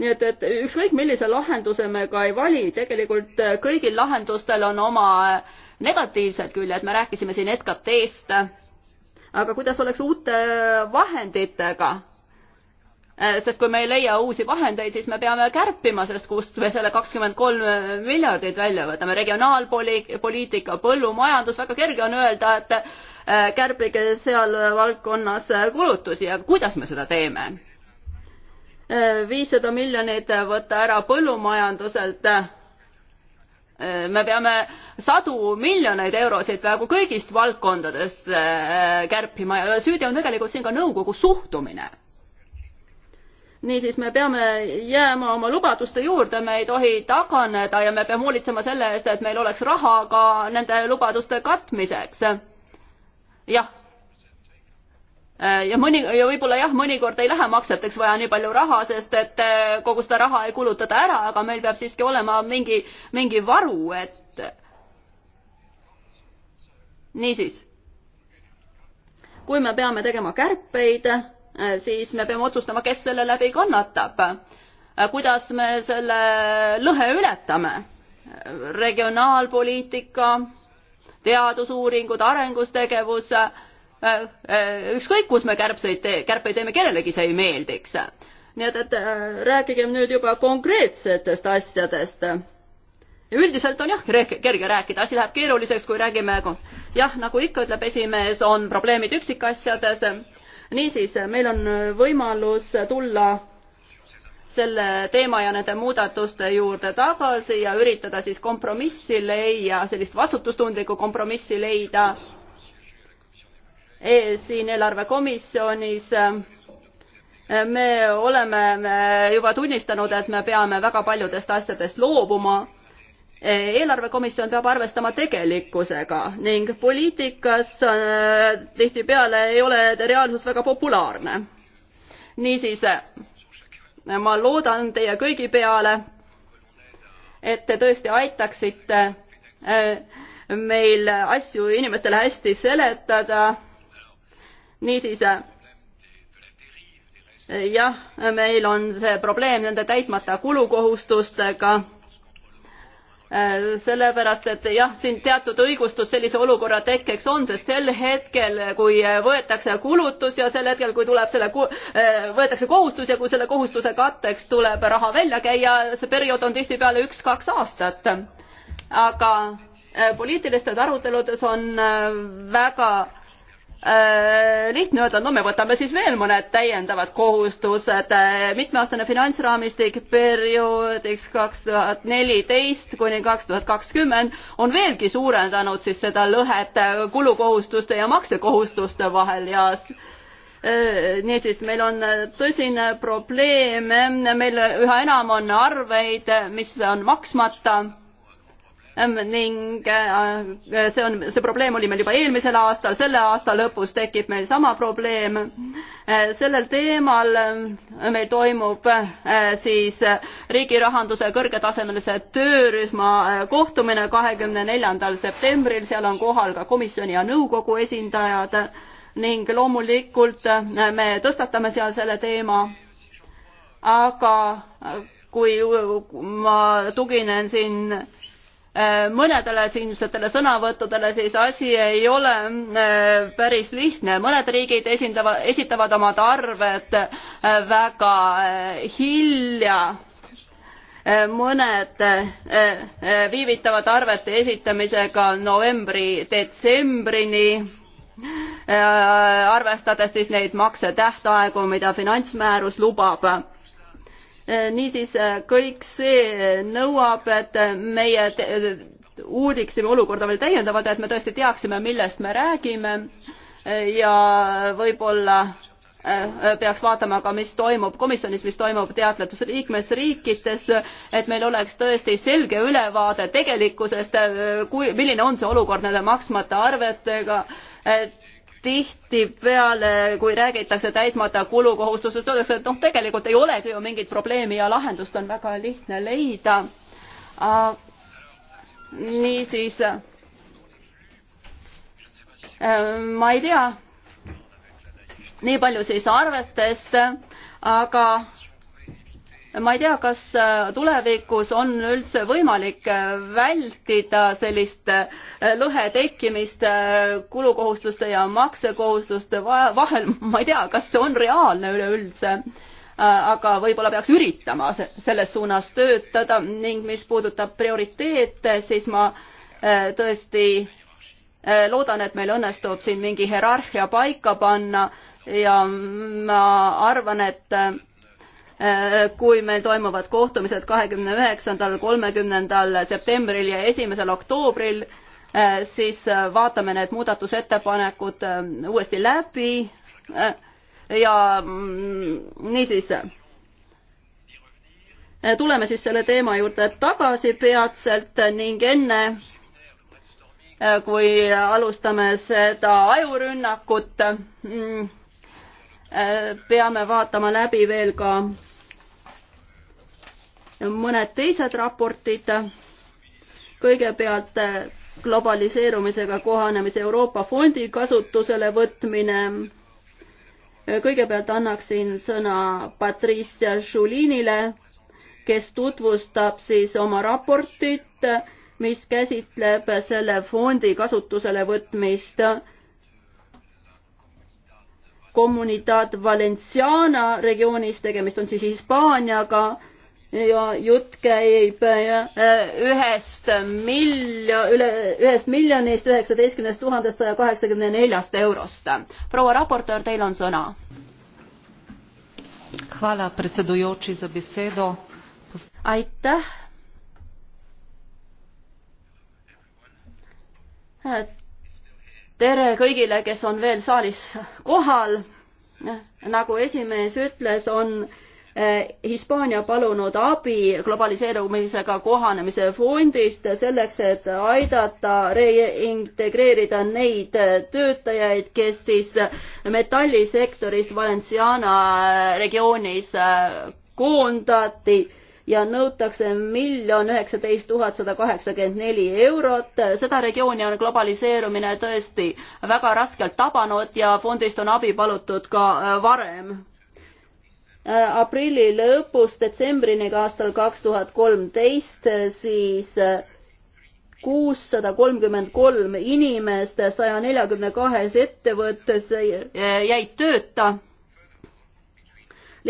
nii et, et ükskõik millise lahenduse me ka ei vali, tegelikult eh, kõigil lahendustel on oma eh, negatiivsed küljed, me rääkisime siin SKT-st, aga kuidas oleks uute vahenditega Äh, sest kui me ei leia uusi vahendeid, siis me peame kärpima, sest kust me selle kakskümmend kolm miljardit välja võtame, regionaalpoliitika, põllumajandus, väga kerge on öelda, et äh, kärbige seal valdkonnas kulutusi ja kuidas me seda teeme? Äh, viissada miljonit võtta ära põllumajanduselt me peame sadu miljoneid eurosid peaaegu kõigist valdkondadest kärpima ja süüdi on tegelikult siin ka nõukogu suhtumine niisiis me peame jääma oma lubaduste juurde, me ei tohi taganeda ja me peame hoolitsema selle eest, et meil oleks raha ka nende lubaduste katmiseks. jah. ja mõni ja võib-olla jah, mõnikord ei lähe makseteks vaja nii palju raha, sest et eh, kogu seda raha ei kulutata ära, aga meil peab siiski olema mingi, mingi varu, et. niisiis. kui me peame tegema kärpeid Äh, siis me peame otsustama, kes selle läbi kannatab. Äh, kuidas me selle lõhe ületame? Äh, regionaalpoliitika, teadusuuringud, arengustegevus, ükskõik, kus me kärbseid tee-, kärpeid teeme, kellelegi see ei meeldiks. nii et, et rääkigem nüüd juba konkreetsetest asjadest üldiselt on jah kerge rääkida, asi läheb keeruliseks, kui räägime, jah, nagu ikka ütleb esimees, on probleemid üksikasjades niisiis, meil on võimalus tulla selle teema ja nende muudatuste juurde tagasi ja üritada siis kompromissi leia, sellist vastutustundlikku kompromissi leida e, siin eelarvekomisjonis e, me oleme juba tunnistanud, et me peame väga paljudest asjadest loobuma eelarvekomisjon peab arvestama tegelikkusega ning poliitikas äh, tihtipeale ei ole reaalsus väga populaarne. niisiis, äh, ma loodan teie kõigi peale, et te tõesti aitaksite äh, meil asju inimestele hästi seletada. niisiis, jah, meil on see probleem nende täitmata kulukohustustega Äh, sellepärast, et jah, siin teatud õigustus sellise olukorra tekkeks on, sest sel hetkel, kui äh, võetakse kulutus ja sel hetkel, kui tuleb selle, äh, võetakse kohustus ja kui selle kohustuse katteks tuleb raha välja käia, see periood on tihtipeale üks-kaks aastat. aga poliitilistes aruteludes on väga lihtne äh, öelda, no me võtame siis veel mõned täiendavad kohustused, äh, mitmeaastane finantsraamistik perioodiks kaks tuhat neliteist kuni kaks tuhat kakskümmend on veelgi suurendanud siis seda lõhet äh, kulukohustuste ja maksekohustuste vahel ja niisiis, meil on tõsine probleem, meil üha enam on arveid, mis on maksmata Ehm, ning äh, see on, see probleem oli meil juba eelmisel aastal, selle aasta lõpus tekib meil sama probleem. Äh, sellel teemal äh, meil toimub siis riigi rahanduse kõrgetasemelise töörühma kohtumine kahekümne neljandal septembril, seal on kohal ka komisjoni ja nõukogu esindajad ning loomulikult me tõstatame seal selle teema. aga kui ma tuginen siin Äh, mõnedele siinsetele sõnavõttudele siis asi ei ole äh, päris lihtne, mõned riigid esindavad, esitavad omad arved äh, väga hilja mõned viivitavad arvete esitamisega novembri detsembrini arvestades siis neid maksetähtaegu mida finantsmäärus lubab Eh, niisiis eh, kõik see eh, nõuab, et meie uuriksime olukorda veel täiendavalt, et me tõesti teaksime, millest me räägime ja võib-olla peaks vaatama ka, mis toimub komisjonis, mis toimub teadlatus liikmesriikides, et meil oleks tõesti selge ülevaade tegelikkusest, kui, milline on see olukord nende maksmata arvetega, et tihtipeale, kui räägitakse täitmata kulukohustusest, öeldakse, et noh, tegelikult ei olegi ju mingit probleemi ja lahendust on väga lihtne leida. niisiis, e, ma ei tea, nii palju siis arvetest, aga ma ei tea, kas äh, tulevikus on üldse võimalik äh, vältida sellist äh, lõhe tekkimist kulukohustuste ja maksekohustuste vahel, ma ei tea, kas see on reaalne üleüldse, aga võib-olla peaks üritama selles suunas töötada ning mis puudutab prioriteete, siis ma tõesti loodan, et meil õnnestub siin mingi hierarhia paika panna ja ma arvan, et Äh, kui meil toimuvad kohtumised kahekümne üheksandal, kolmekümnendal septembril ja esimesel oktoobril, äh, siis äh, vaatame need muudatusettepanekud uuesti läbi ja mm, niisiis tuleme siis selle teema juurde tagasi peatselt ning enne kui alustame seda ajurünnakut, mm, peame vaatama läbi veel ka mõned teised raportid. kõigepealt eh, globaliseerumisega kohanemise Euroopa Fondi kasutusele võtmine. Eh, kõigepealt annaksin sõna Patricia Šulinile, kes tutvustab siis oma raportit, mis käsitleb selle fondi kasutusele võtmist Comunidad Valenciana regioonis, tegemist on siis Hispaaniaga ja jutt käib äh, ühest miljo-, üle, ühest miljonist üheksateistkümnest tuhandest saja kaheksakümne neljast eurost. proua raportöör, teil on sõna. aitäh. tere kõigile, kes on veel saalis kohal. nagu esimees ütles, on Eh, Hispaania palunud abi globaliseerumisega kohanemise fondist selleks, et aidata reintegreerida neid töötajaid, kes siis metallisektorist Valenciana eh, regioonis eh, koondati ja nõutakse miljon üheksateist tuhat sada kaheksakümmend neli eurot. seda regiooni on globaliseerumine tõesti väga raskelt tabanud ja fondist on abi palutud ka varem Äh, aprilli lõpust detsembrini aastal kaks tuhat kolmteist, äh, siis äh, kuussada kolmkümmend kolm inimest saja neljakümne kahes ettevõttes jäid tööta.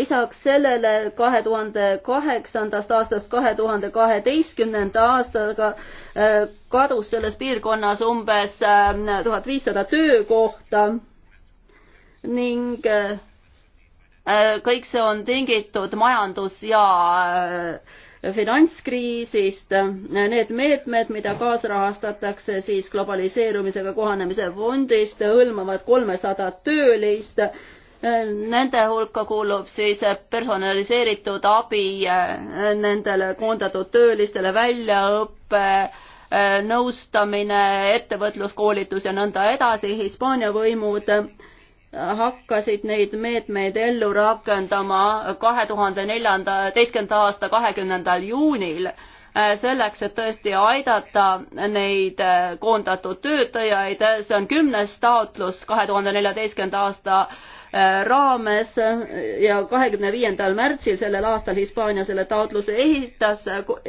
lisaks sellele kahe tuhande kaheksandast aastast kahe tuhande kaheteistkümnenda aastaga kadus selles piirkonnas umbes tuhat viissada töökohta ning Äh, kõik see on tingitud majandus- ja äh, finantskriisist. Äh, need meetmed, mida kaasrahastatakse siis globaliseerumisega kohanemise fondist, hõlmavad kolmesadat töölist. Nende hulka kuulub siis personaliseeritud abi nendele koondatud töölistele, väljaõpe, nõustamine, ettevõtluskoolitus ja nõnda edasi. Hispaania võimud hakkasid neid meetmeid ellu rakendama kahe tuhande neljanda, teistkümnenda aasta kahekümnendal juunil, äh, selleks, et tõesti aidata neid äh, koondatud töötajaid, see on kümnes taotlus kahe tuhande neljateistkümnenda aasta Äh, raames ja kahekümne viiendal märtsil sellel aastal Hispaania selle taotluse esitas.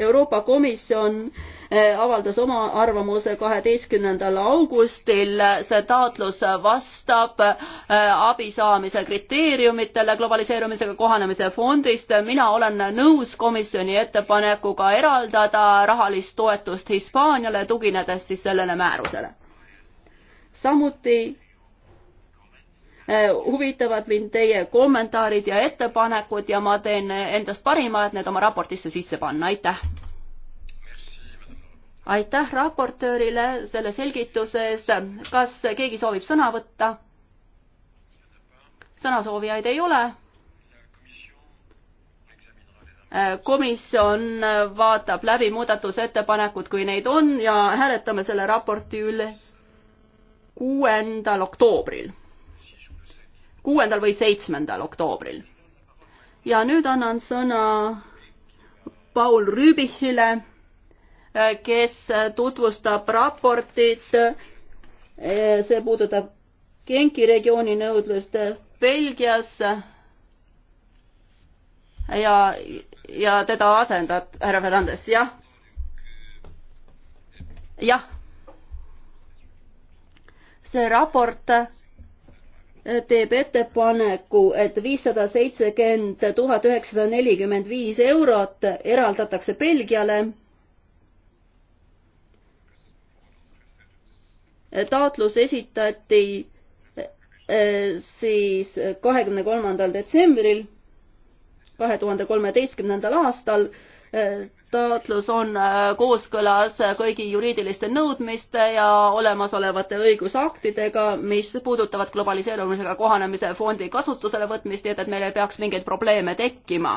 Euroopa Komisjon äh, avaldas oma arvamuse kaheteistkümnendal augustil. see taotlus vastab äh, abi saamise kriteeriumitele globaliseerumisega kohanemise fondist. mina olen nõus komisjoni ettepanekuga eraldada rahalist toetust Hispaaniale, tuginedes siis sellele määrusele. samuti Eh, huvitavad mind teie kommentaarid ja ettepanekud ja ma teen endast parima, et need oma raportisse sisse panna, aitäh! aitäh raportöörile selle selgituse eest, kas keegi soovib sõna võtta? sõnasoovijaid ei ole. Eh, komisjon vaatab läbi muudatusettepanekud, kui neid on ja hääletame selle raporti üle kuuendal oktoobril kuuendal või seitsmendal oktoobril. ja nüüd annan sõna Paul Rüübichile, äh, kes tutvustab raportit, äh, see puudutab Genki regiooni nõudlust Belgias äh, ja, ja teda asendab härra Fernandes, jah? jah. see raport teeb ettepaneku, et viissada seitsekümmend tuhat üheksasada nelikümmend viis eurot eraldatakse Belgiale. taotlus esitati eh, siis kahekümne kolmandal detsembril kahe tuhande kolmeteistkümnendal aastal eh, taotlus on äh, kooskõlas kõigi juriidiliste nõudmiste ja olemasolevate õigusaktidega, mis puudutavad globaliseerumisega kohanemise fondi kasutusele võtmist, nii et, et meil ei peaks mingeid probleeme tekkima.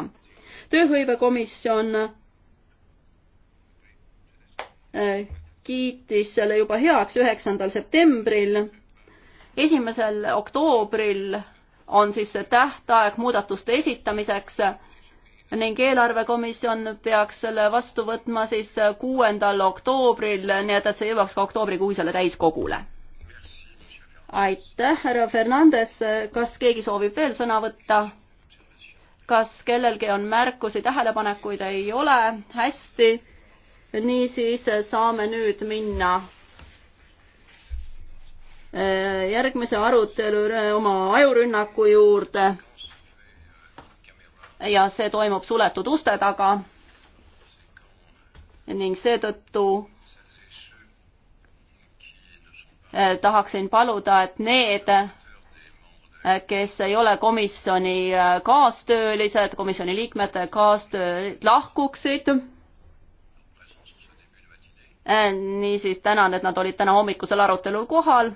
tööhõivekomisjon äh, kiitis selle juba heaks üheksandal septembril. esimesel oktoobril on siis see tähtaeg muudatuste esitamiseks ning eelarvekomisjon peaks selle vastu võtma siis kuuendal oktoobril, nii et, et see jõuaks ka oktoobrikuisele täiskogule. aitäh, härra Fernandes, kas keegi soovib veel sõna võtta? kas kellelgi on märkusi, tähelepanekuid ei ole? hästi, niisiis saame nüüd minna äh, järgmise arutelu äh, oma ajurünnaku juurde ja see toimub suletud uste taga. ning seetõttu eh, tahaksin paluda, et need, eh, kes ei ole komisjoni eh, kaastöölised, komisjoni liikmete kaastööd, lahkuksid. niisiis tänan, et nad olid täna hommikusel arutelul kohal